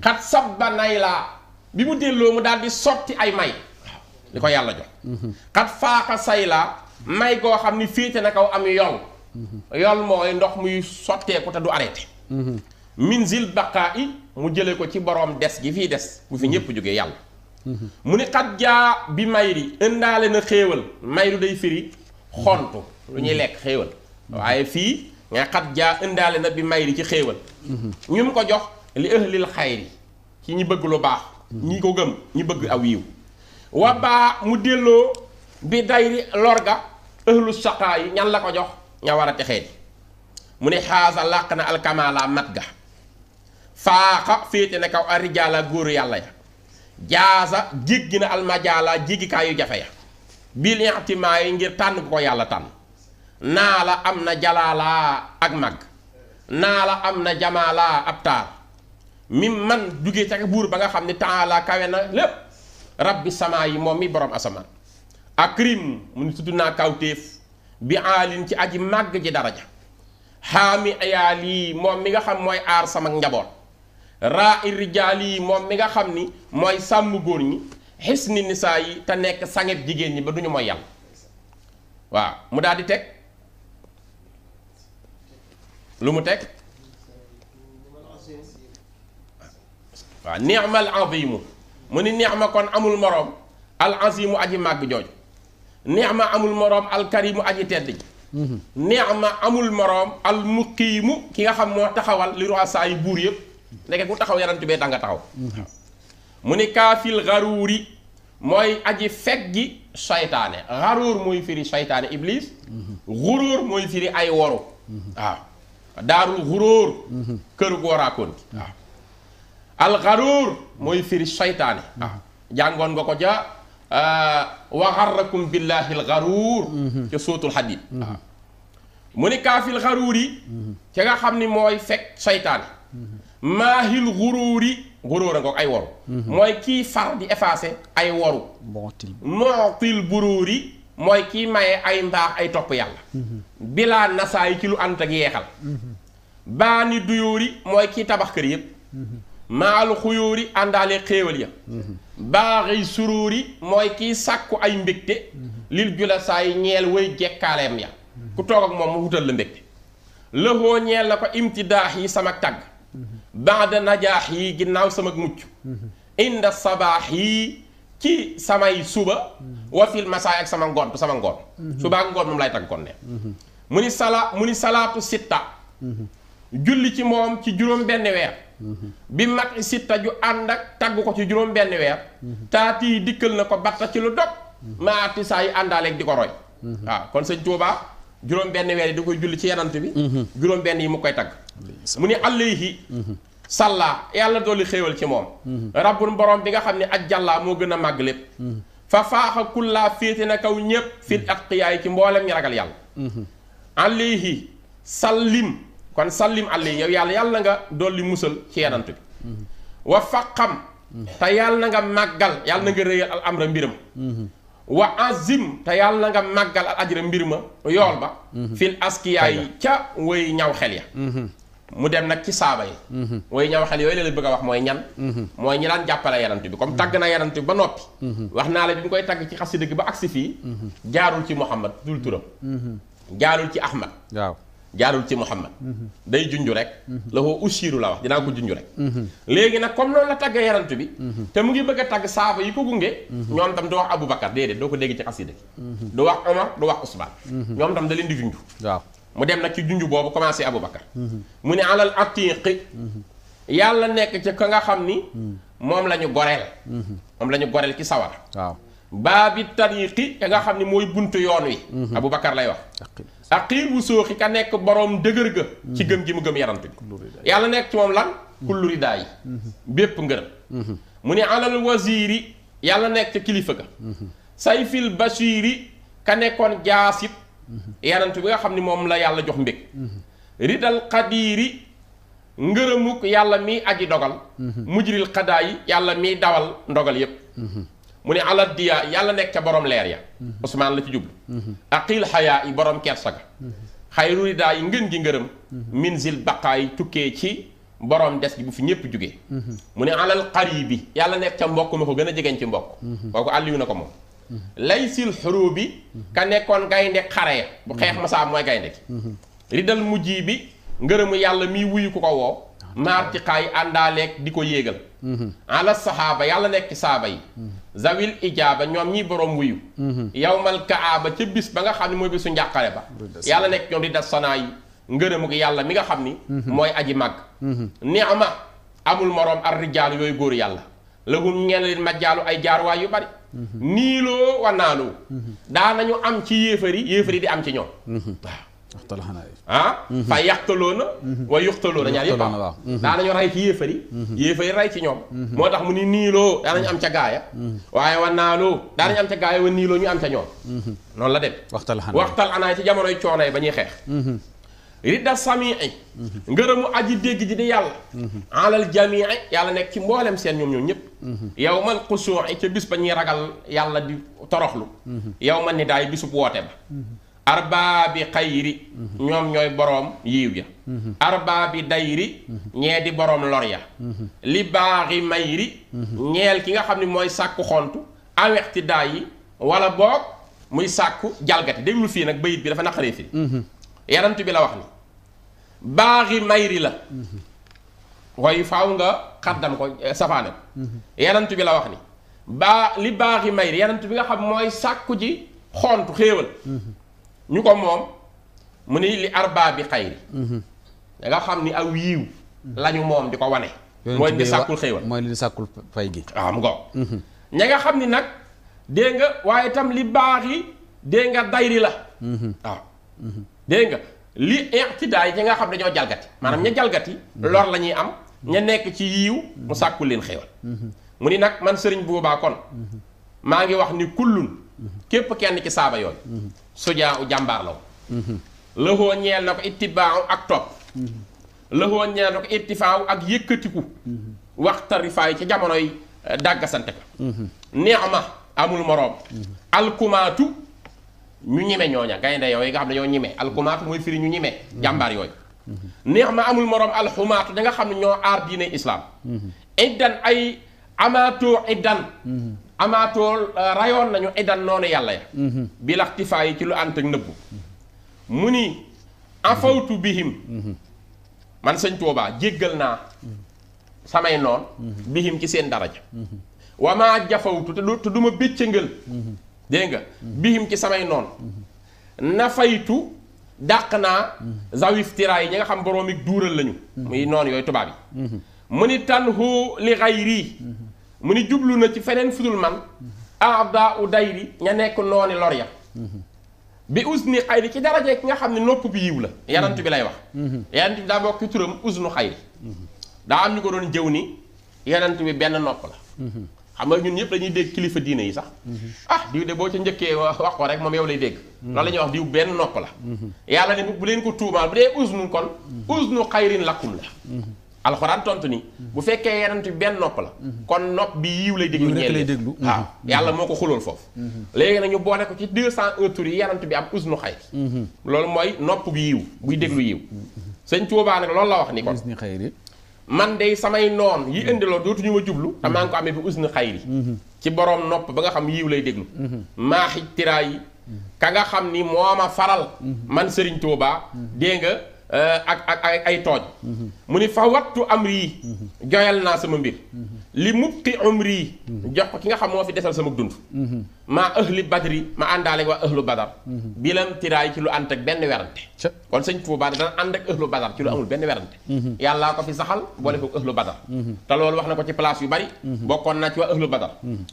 xat sabba nay laa bi mu delloo mu daal di sotti ay may li ko yàlla jox xat faaxa say laa may goo xam ni féete na kaw am yol yol mooy ndox muy sotteeku te du arrêté min zil baqaa i mu jële ko ci boroom des gi fiy des bu fi ñépp jógee yàlla mu ne xat jaa bi mayri ëndaale na xéewal mayru day firi xontu lu ñuy lekk xéewal waaye fii nga xat jaa ëndaale na bi may mayri ci xéewal ñu mu ko jox li ëhlil xayri ci ñi bëgg lu baax ñi ko gëm ñi bëgg aw yiw wa mu delloo bi dayri lorga ëhlu saqaa yi ñan la ko jox ña war a texe di mu ne xaasa làq na alkamaala mat ga faaxa féete na kaw arijaala góor yàlla ya jaasa jéggi na almajaala jéggikaay yu jafe ya bil ihtimaa yi ngir tànn ko ko yàlla tànn naa la am na jalaalaa ak mag naa la am na jamaalaa ab taar mi man jugee ca buur ba nga xam ni taalaa kawe na lépp rabbi samaa yi moom mi borom asamaan akrim mu ni tudd naa kawtéef bi aalin ci aji màgg ji daraja xaami ayaal yi moom mi nga xam mooy aar sama njaboot raa i rijaal yi moom mi nga xam ni mooy sàmm góor ñi xis ni nisaa yi te nekk sanget jigéen ñi ba duñu mooy yàlla waaw mu daal teg lu mu teg waaw ni'mal azimu mu ni ni'ma kon amul moroom al mu aji màgg jooju ni'ma amul moroom al mu aji tedd ji mhm. ni'ma amul moroom al muqiimu ki nga xam moo taxawal li ruwasaa yi buur yëpp ndeke ku taxaw yaram tubee tax nga taxaw mm-hmm. mu ni kaafil xaruuri mooy aji fekk gi saytaane xaruur mooy firi saytaane iblis xuruur mm-hmm. mooy firi ay woru waaw mm-hmm. ah. daarul xuruur këru gooraakoonti waaw ah. alxaruur mooy firi saytaane ah. jàngoon nga ko ja wa xarrakum billahi alxaruur ca sóotul xadiid mu ni kaafil xaruur ca nga xam ni mooy fekk saytaane maahil xuruuri xuruur a ngoog ay woru mhm. mooy kii far di effacer ay woru mootil buruuri mooy kii maye ay mbaax ay topp yàlla mhm. bilaa nasaa yi ci lu ànd ak yeexal mhm. baani yëpp maal xuyóori àndaale suruuri mooy kii sàkku ay mbégte lil jula saa yi ñeel way jekkaaleem ya ku toog ak moom mu wutal la mbégte lëxoo ñeel na ko imtidaax yi sama tàgg baada najaax yi ginnaaw sama mucc inda sabaax yi ci samay suba wa fil masaay ak sama ngoon sama ngoon suba ak ngoon moom lay tagg kon ne mu ni salaatu sitta julli ci moom ci juróom benn weer bi mat sitta ju ànd ak tagg ko ci juróom benn weer taati dikkal na ko batta ci lu dog maati saa yi àndaaleeg di ko roy waaw kon sëñ Tuubaa juróom benn weer yi di koy julli ci yanant bi mhm. juróom benn yi mu koy tagg mu ni alayhi mhm. sàllaa yàlla dooli xéewal ci moom mhm. rabbul borom bi nga xam ne ak jàllaa moo gën a màgg lépp mhm. fa faaxa kullaa féete na kaw ñépp fit mhm. ak ci mboolem ñi ragal yàlla alayhi sallim kon sallim alayhi yow yàlla yàlla nga dolli musal ci yenant bi wa faqam te yàlla na nga màggal yàlla na nga rëyal al amra mbiram wa azim te yàlla nga màggal al ajra mbir ma yool ba fil askiyaay ca way ñaw xel ya mu dem nag ci saaba yi mooy mhm. ñaw xel yooyu la bëgg a wax mooy ñan mhm. mooy ñi daan jàppale yarant bi comme mhm. tàgg na yarant bi ba noppi wax naa la bi mu koy tàgg ci xasida gi ba agsi fii jaarul ci Muhammad dul turam jaarul ci Ahmad waaw jaarul ci Muhammad day junju rek la koo ussiiru la wax dinaa ko junj rek léegi nag comme noonu la tagge yarant bi te mu ngi bëgg a tàgg saaba yi ko gunge ñoom tam du wax Aboubacar déedéet doo ko dégg ci xasida gi du wax Omar du wax Ousmane ñoom tam da leen di junj waaw mu dem nag ci junju boobu commencé Aboubacar mu ne alal atiqi yàlla nekk ci ka nga xam ni moom lañu ñu goreel moom la ñu goreel ci sawar waaw baabi tariqi ka nga xam ni mooy bunt yoon wi mhm. Aboubacar lay wax aqil bu sooxi ka nekk boroom dëgër ga ci mhm. gëm gi mu gëm yarant bi yàlla nekk ci moom lan mhm. kullu ridaa yi bépp ngërëm mu ne alal wasiiri yàlla nekk ca kilifa ga sayfil bashiri ka nekkoon jaasit yarantu bi nga xam ni moom la yàlla jox mbég ridal xadiiri ngërëmuk yàlla miy aji dogal mujjiril xadaa yi yàlla miy dawal ndogal yépp mu ne ala diya yàlla nekk ca borom leer ya Ousmane la ci jublu aqil xayaa yi borom kersa ga xayru ridaa yi ngën gi ngërëm minzil baqaa yi tukkee ci borom des gi bu fi ñëpp jugee mu ne alal xariib yi yàlla nekk ca mbokk ma ko gën a jegeen ci mbokk kooku àlliwu na ko moom lay sil bi ka nekkoon gaynde xare ya bu xeex mhm. masaa mooy gaynde gi mhm. ridal mujj bi ngërëmu yàlla miy wuyu ku ko woo maar ah, ci xaay di ko yéegal mhm. ala saxaaba yàlla nekk ci saaba yi zawil ijaaba ñoom ñi borom wuyu yawmal kaaba ca bis ba nga xam ne mooy bisu njàqare ba yàlla nekk ñoom di def sanaa yi ngërëmu gi yàlla mi nga xam ni mooy aji màgg neema amul moroom ar rijaal yooyu góor yàlla lagum ñeen leen ma jaalu ay yu bari niiloo wa naanoo daanañu am ci yéefar yi yéefar yi di am ci ñoom waaw ah fa yaxtaloona wa yuxtaloona ñaar yëpp am daanañu rey ci yéefar yi yéefar yi rey ci ñoom moo tax mu ni niiloo daanañu am ca gaaya waaye wa naanoo daanañu am ca gaaya wa niiloo ñu am ca ñoom noonu mhm. la dem waxtal xanaay ci jamonoy coono yi ba ñuy xeex ridda samii ngërëmu aji dégg ji di yàlla mhm. alal jamii yàlla nekk ci mboolem seen ñoom ñoom ñëpp mhm. yow man xusuu ca bis ba ñuy ragal yàlla di toroxlu mhm. yow man ni daay bisub woote ba arbaabi xayri ñoom ñooy boroom yiiw ya arbaabi dayri ñee di boroom lor ya li baaxi mayri ñeel ki nga xam ni mooy sàkku xont awexti daay yi wala boog muy sàkku jalgati déglu fii nag bayit bi dafa naqaree fii yarant bi la wax ni baaxi mayri la way faw nga xaddam ko eh, safaanam yarant bi la wax ni baa li baaxi mayri yarant bi nga xam mooy sàkku ji xont xéewal ñu ko moom mu ni li arbaa bi xayri da xam ni ak yiw lañu moom di ko wane mooy di sàkkul xéewal mooy li di sàkkul fay gi waaw ah, mu mhm. ña nga xam ni nag dégg nga waaye tam li baaxi dégg nga dayri la waaw mhm. ah. mhm. dégg nga li ictidaay ñi nga xam dañoo jalgati maanaam ña jalgati lor la ñuy am ña nekk ci yiiw mu sàkku leen xéewal mu ni nag man sëriñ boobaa kon maa ngi wax ni kullun képp kenn ci saaba yooyu sujaa u jàmbaar la lëxoo ñeel na ko ittibaaw ak topp lëxoo ñeel na ko ittifaaw ak yëkkatiku wax tarifaay ca jamonoy dàggasante ko neex ma amul moroom alkumaatu ñu ñime ñooña gaynde yooyu nga xam ne ñoo ñime alkumaatu muy firi ñu ñime mm-hmm. jàmbaar yooyu mm-hmm. neex ma amul moroom alxumaatu da nga xam ne ñoo aar diine islaam mm-hmm. iddan ay amaatoo iddan amaatoo euh, rayoon nañu iddan noonu yàlla ya bi lax tifaa yi ci lu ànd ak nëbbu mu ni afawtu bihim man sëñ Tuubaa jéggal naa samay noon bihim ci seen daraja wamaa jafawtu te du ma béccëngal dégg nga bihim ci samay noon nafaytu dàq naa zawif tiraay yi ñi nga xam boroomi duural lañu muy noonu yooyu tubaab yi mu ni tanhu li xayri mu ni jublu na ci feneen fudul man aada u dayri ña nekk nooni lor ya bi usni xayri ci daraje ki nga xam ne nopp bi yiw la yanant bi lay wax yanant bi daa bokk ci turam usnu xayri daa am ñu ko doon jëw ni yanant bi benn nopp la xam na ñun ñëpp dañuy dégg kilifa diine yi sax mhm. ah diw de boo ca njëkkee wax ko rek moom yow lay dégg mhm. loolu la ñuy wax diw benn nopp la mhm. yàlla ne bu leen ko tuumaal bu dee usnu kon usnu xayrin lakkum la alxuraan tontu ni bu fekkee yenant bi benn nopp la kon nopp bi yiiw lay déglu ñeel lay déglu waaw ah, yàlla moo ko xulool foofu léegi nag ñu boole ko ci deux cent un yi yenant bi am usnu xayr loolu mooy nopp bi yiiw buy déglu yiiw sëñ Tuubaa nag loolu la wax ni kon man dey samay noon yi indiloo mm-hmm. dootuñu ma jublu te mm-hmm. maa ngi ko amee bi usna xayri mm-hmm. ci boroom nopp ba nga xam yiw lay déglu maaxi tiraa yi ka nga xam ni moo ma faral man sëriñ Tuubaa dégg nga euh, ak ak ay tooj mu ni fa wattu am rii joyal naa sama mbir li mubqi umri jox ko ki nga xam moo fi desal sama dund mhm. maa ahli badri ma àndaale ak waa ahlu badar mhm. bilam tiraay ci lu ànd ak benn werante kon sëñ Tuubaa dana ànd ak ahlu badar ci lu amul benn werante mhm. yàllaa ko fi saxal boole ko ahlu badar te loolu wax na ko ci place yu bari bokkoon naa ci waa ahlu badar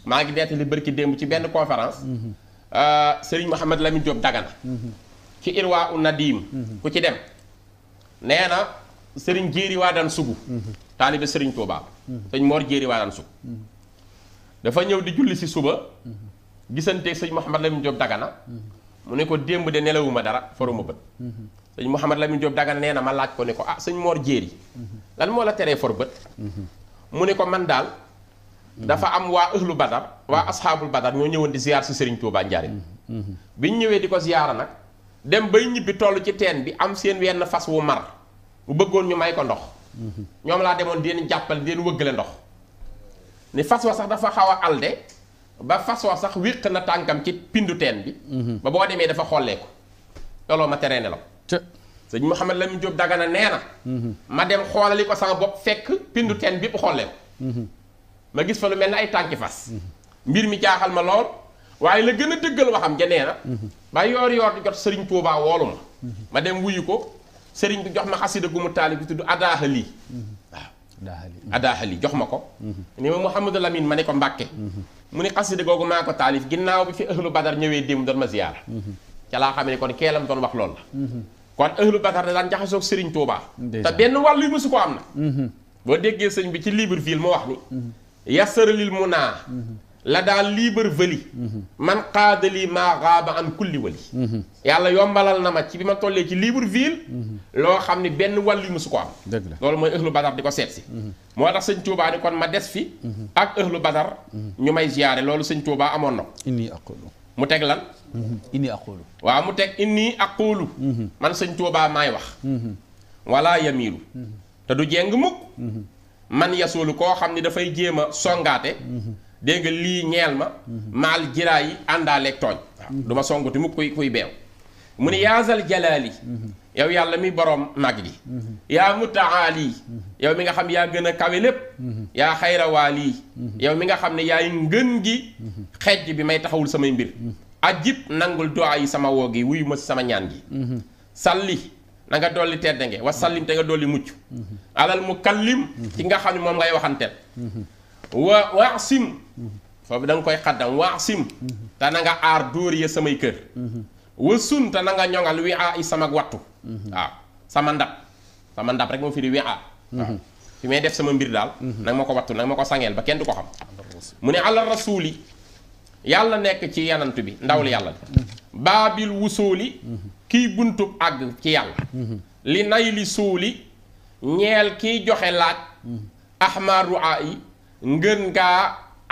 maa ngi deeta li bërki démb ci benn conférence euh, sëriñ Mouhamed Lamine Diop Dagana ci irwaa na nadim ku ci dem nee sëriñ jéeri waa daan sugu taalibe sëriñ Mm-hmm. sëñ moor Jéeri Waaraan Sug mm-hmm. dafa ñëw di julli si suba mm-hmm. gisanteeg sëñ Mouhamad Lamine Diop Dagana mu ne ko démb de nelawuma dara foruma bët sëñ Mouhamad Lamine Diop Dagana nee na ma laaj ko ne ko ah sëñ moor Jéeri lan moo la teree for bët mu ne ko man daal dafa am waa ëhlu badar waa asxaabul badar ñoo ñëwoon di ziar si sëriñ Touba bi ñu ñëwee di ko ziyaara nag dem bay ñibbi toll ci teen bi am seen wenn fas wu mar bu bëggoon ñu may ko ndox ñoom laa demoon di leen jàppal di leen wëggale ndox ni fas sax dafa xaw a alde ba fas wa sax wéq na tànkam ci pindu bi mhm. ba boo demee dafa xollee ko looloo ma teree nelaw sëñ Mouhamed Lamine Diop Dagana nee mhm. ma dem xoolali ko sama bopp fekk pindu teen bi bu mhm. ma gis fa lu mel ne ay tànki fas mbir mi jaaxal ma lool waaye la gën a dëggal waxam ja nee na ba yoor yoor di jot sëriñ Touba woolu ma ma dem wuyu ko sëriñ bi jox ma xasida gu mu taalib bi tudd adaaxali waaw adaaxali jox ma ko mhm. ni ma Mouhamadou Lamine ma ne ko Mbàkke mhm. mu ni xasida googu maa ko taalif ginnaaw bi fi ahlu badar ñëwee démb doon ma ziyaara mhm. ca laa xam ne kon keelam doon wax loolu la kon ahlu badar da daan jaxasoog sëriñ Tuubaa te benn wàllu yu musu ko am na boo déggee sëñ bi ci Libreville mu wax ni yasaralil mu naa la daal Libreville man xaadali maa xaaba an kulli wali yàlla yombalal na ma ci bi ma tollee ci Libreville loo xam ne benn wàlli musu ko am loolu mooy ëxlu badar di ko seet si moo tax sëñ Tuubaa ni kon ma des fi ak ëxlu badar ñu may ziyaare loolu sëñ Tuubaa amoon na inni aqulu mu teg lan inni aqulu waaw mu teg inni aqulu man sëñ Tuubaa maay wax wala yamiiru te du jeng mukk man yasuulu koo xam ne dafay jéem a songaate dégg nga lii ñeel ma mhm. maal jiraa yi àndaaleeg tooñ du ma mu kuy kuy beew mu ne mhm. yaazal jalaali mhm. yow yàlla mi boroom mag gi yaa mutaali yow mi nga xam yaa gën a kawe lépp yaa xayrawaali yow mi nga xam ne yaay ngën gi xejj bi may taxawul samay mbir ajib nangul duwaa sama woo gi wuyu ma sama ñaan gi salli na nga dolli teddange wa sallim te nga dolli mucc alal mu kallim ci nga xam ne moom ngay waxantet wa waasim foofu da koy xaddam waasim te na aar dóor ya samay kër wasun te na nga ñoŋal wi aa i sama wattu waaw sama ndab sama ndab rek moo fi di wi aa fi may def sama mbir daal nag ma ko wattu nag ma ko sangeel ba kenn du ko xam mu ne àla rasuuli yàlla nekk ci yanant bi ndaw li yàlla li baabil wusuuli kiy buntub àgg ci yàlla li nay li suuli ñeel kiy joxe laaj ahmar ruaa yi ngën ngaa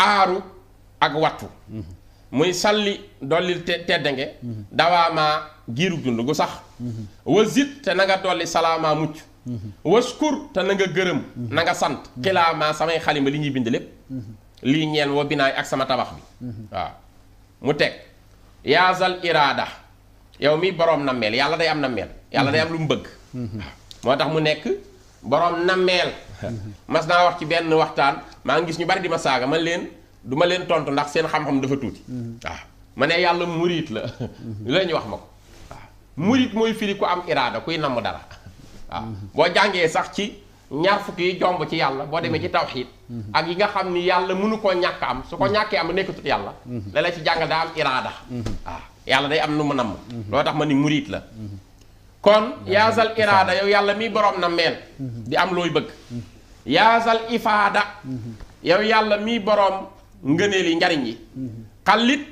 aaru ak wattu muy salli dollil te teddange dawaamaa giirug dund gu sax wasit te na nga dolli salaamaa mucc waskur te na nga gërëm na nga sant xilaamaa samay xalima li ñuy bind lépp lii ñeel wa ak sama tabax bi waaw mu teg yaazal iraada yow mi boroom nammeel yàlla day am nammeel yàlla day am lu mu bëgg moo tax mu nekk boroom nameel mas naa wax ci benn waxtaan maa ngi gis ñu bari di ma saaga man leen duma leen tontu ndax seen xam-xam dafa tuuti. Mhm. waaw ma ne yàlla murit la. Mhm. la ñu wax ma ko waaw murit mooy firi ku am iraada kuy namm dara. waaw mhm. boo jàngee sax ci ñaar fukki yi jomb ci yàlla boo demee ci tawxiid ak yi nga xam ni yàlla mënu koo ñàkk am su ko ñàkkee am nekkatut yàlla. la la ci jàng daa am iraada. waaw yàlla day am nu mu namm. loo tax ma ni murit la. kon yaasal iraada yow yàlla mi boroom na meel di am looy bëgg yaasal ifaada yow yàlla mi borom ngëneel yi njariñ yi mm-hmm. xallit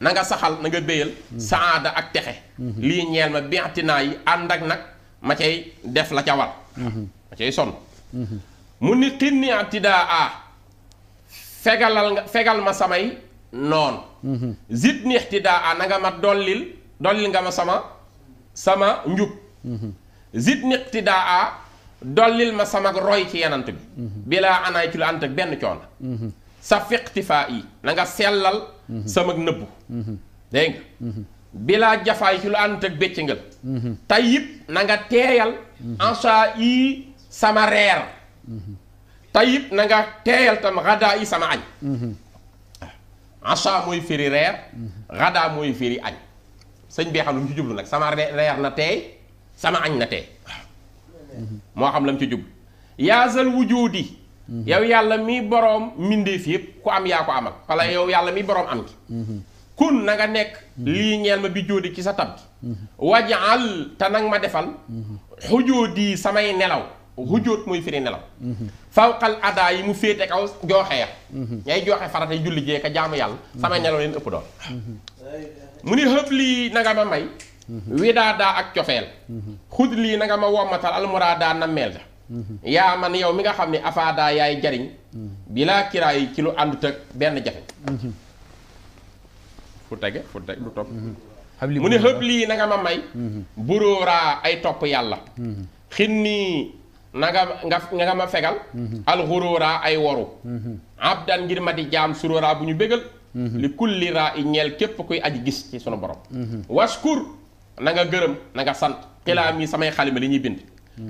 nanga saxal nanga nga béyal mm-hmm. saada ak texe mm-hmm. lii ñeel ma beexti yi ànd ak nag ma cay def la ca war ma cay sonn mu ni xinni atidaa a fegalal fegal ma samay noon zit ni ixtidaa a na nga ma dollil dollil nga ma sama sama njub zit ni ixtidaa a dollil ma sama roy ci yenant bi bilaa anaay ci lu ànd ak benn coono sa fiqtifaa yi na nga sellal sama nëbbu dégg nga bilaa jafaay ci lu ànd ak béccangal tayyib na nga teeyal ansa yi sama reer tayyib na nga teeyal tam xadaa yi sama añ ansa mooy firi reer xadaa mooy firi añ sëñ bee xam lu mu ci jublu nag sama reer na teey sama añ na teey moo xam la mu ci jublu yaasal wujudi Mm-hmm. yow yàlla mi boroom mbindeef yëpp ku am yaa ko amal wala yow yàlla mi boroom am gi mm-hmm. kun na nekk mm-hmm. lii ñeel ma bi jóodi ci sa tab gi wajaal te nag ma defal di samay nelaw xujóot mooy firi nelaw fawqal adaa yi mu féete kaw jooxe ya ñay jooxe farata julli jee ka jaamu yàlla samay nelaw leen ëpp doon mu ni xëpp lii na ma may widaadaa ak cofeel xud lii na ma wommatal almuraadaa nammeel ga yaa man yow mi nga xam ne afaadaa yaay jariñ bi kiraay yi ci lu àndut ak benn jafe fu tege fu mu ne xëb lii na ma may mhm. buróoraa ay topp yàlla mhm. xinnii na nga nga nga ma fegal mhm. alxuróoraa ay woru abdan ngir ma jaam suróoraa bu ñu bégal li kulli raa i ñeel képp kuy aji gis ci sunu borom waskur na nga gërëm na sant xilaam yi samay xalima li ñuy bind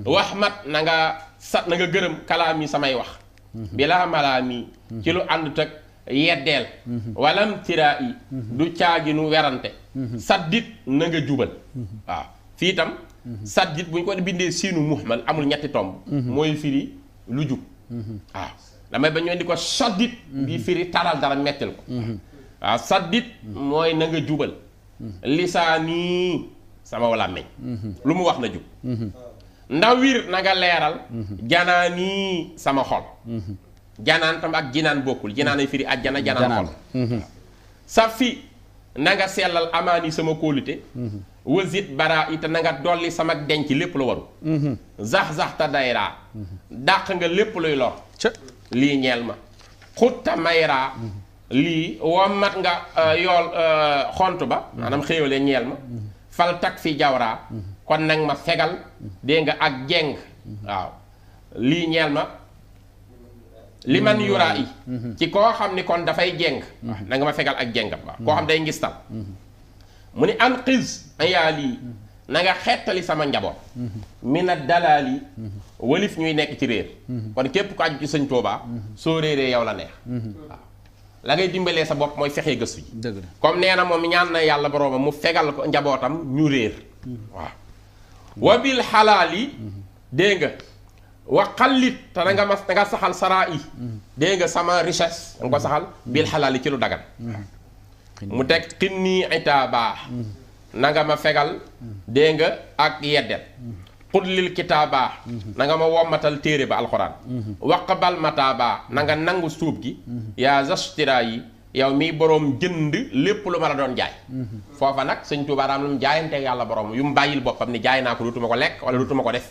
wax mat na nga sa na nga gërëm kalaam yi samay wax mhm. bilaa malaam yi mhm. ci lu àndut ak yeddeel mhm. walam tiraa yi du caaginu werante saddit na nga jubal waaw fii itam saddit bu ñu ko bindee siinu muhmal amul ñetti tomb mooy firi lu jub waaw damay ba ñoo di ko saddit bi firi taral dara mettil ko waaw saddit mooy na nga jubal lisaani sama làmmiñ lu mu wax na jub ndawir na nga leeral mhm. janaani sama xol mhm. janaan tam ak jinaan bokkul jinaan ay firi ajjana janaan xol mhm. sa fi na nga sellal amaani sama kóolute wasit bara ita na nga dolli sama denc lépp lu waru zax-zax ta dayraa dàq nga lépp luy lor lii ñeel ma xutta mayraa lii wommat nga euh, yool euh, xont ba maanaam xéewale ñeel ma fal tak fi jawraa kon nag ma fegal dégg nga ak jeng waaw lii ñeel ma li man yuraa yi ci koo xam ni kon dafay jeng mm-hmm. na nga ma fegal ak jengam waaw koo mm-hmm. xam day ngistal mm-hmm. mu ni an xis ayaalii na nga xettali sama njaboot mina dalaali walif ñuy nekk ci réer kon képp ko aju ci sëñ soo réeree yow la neex waaw la ngay dimbalee sa bopp mooy fexee gëstu ji comme nee na moom ñaan na yàlla boroomam mu fegal ko njabootam ñu réer waaw wabil xalaal yi dégg wa xallit te na nga mas saxal saraa yi dégg sama riches da nga ko saxal bil xalaal yi ci lu dagan mu teg xinnii itaabaa na nga ma fegal dégg ak yeddel xudlil kitaabaa na nga ma wommatal téere ba alxuraan waqbal mataabaa na nga nangu suub gi yaa zastira yi yow mii boroom jënd lépp lu ma la doon jaay foofa nag sëñ Tuubaa daam lu mu jaayanteeg yàlla borom yu mu bàyyil boppam ni jaay naa ko dootuma ko lekk wala dootuma ko def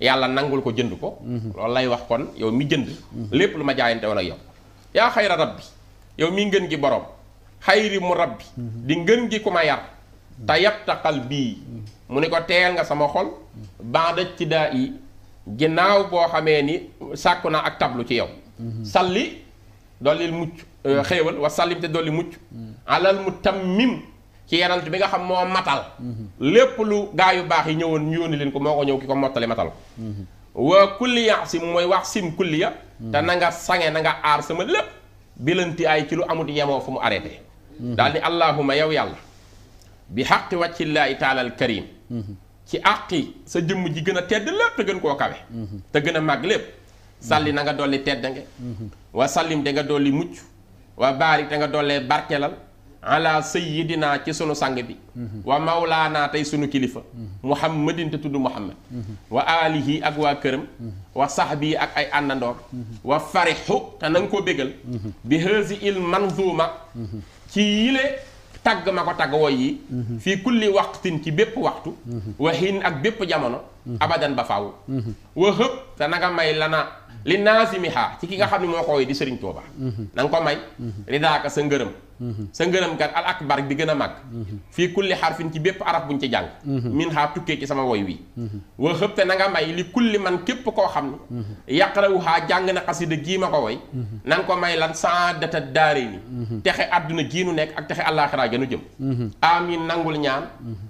yàlla nangul ko jënd ko loolu lay wax kon yow mi jënd lépp lu ma jaayante woon ak yow yaa xayra rabbi yow mi ngën gi borom xayri mu rabbi di ngën gi ku ma yar te yaptaqal bii mu ne ko teel nga sama xol banda ci daa yi ginnaaw boo xamee ni sàkku naa ak tablu ci yow salli Euh, xéewal wa sallim te dolli mucc mm. alal mu tammim ci yenant bi nga xam moo matal mm-hmm. lépp lu gaa yu baax yi ñëwoon ñu leen ko moo ko ñëw ki ko mottali matal mm-hmm. wa kulliya sim mooy wax sim kulliya mm. te na nga sange na nga aar sama lépp bilanti ay ci lu amut yemoo fu mu arrêté mm-hmm. daal ni allahuma yow yàlla bi xaqi wàccillaahi taala al karim ci àqi sa jëmm ji gën a tedd la te gën koo kawe te gën a màgg lépp sàlli na nga dolli tedd nge wa sallim da nga dolli mucc wa baarik te nga dollee barkelal ala sayyidina ci sunu sang bi mhm. wa naa tey sunu kilifa mhm. muhammadin te tudd muhammad mhm. wa alihi ak waa këram sax bi ak ay àndandoor wa farixu te na nga ko bégal bi hësi il manzuma ci yile tagg ma ko tagg woy yi fii kulli waxtin ci bépp waxtu wa hin ak bépp jamono abadan ba faaw wa hëpp te na may lana li naasimiha ci ki nga xam ne moo ko woy di Serigne Touba. na nga ko may. ridaaka sa ngërëm. sa ngërëm kat al akbar bi gën a màgg. fii kulli xarfin ci bépp araf buñ ci jàng. min xaa tukkee ci sama woy wi. wa xëpp te na nga may li kulli man képp koo xam ne. yaqrawuhaa jàng na xasida gii ma ko woy. na nga ko may lan saadata daare ni. texe àdduna gii nu nekk ak texe àllaaxira gënu jëm. amiin nangul ñaan.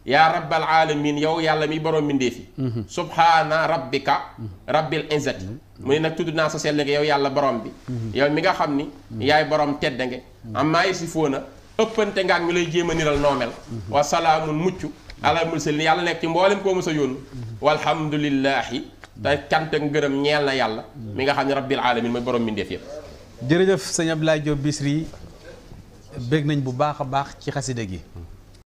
yaa rabbal aalamiin yow yàlla mi borom mi ndeefi. subhaana rabbika rabbil izzati mu ne nag tudd naa sa sell nga yow yàlla borom bi yow mi nga xam ni yaay borom tedda nge am maa si na ëppante nga ak ñu lay jéem a niral noomel wa salaamun mucc ala mursalin yàlla nekk ci mboolem koo mos a yónnu walhamdulillahi te cant ak ngërëm ñeel na yàlla mi nga xam ne rabbil alamin mooy borom mbindeef yëpp jërëjëf sëñ Abdoulaye Diop Bichri bég nañ bu baax a baax ci xasida gi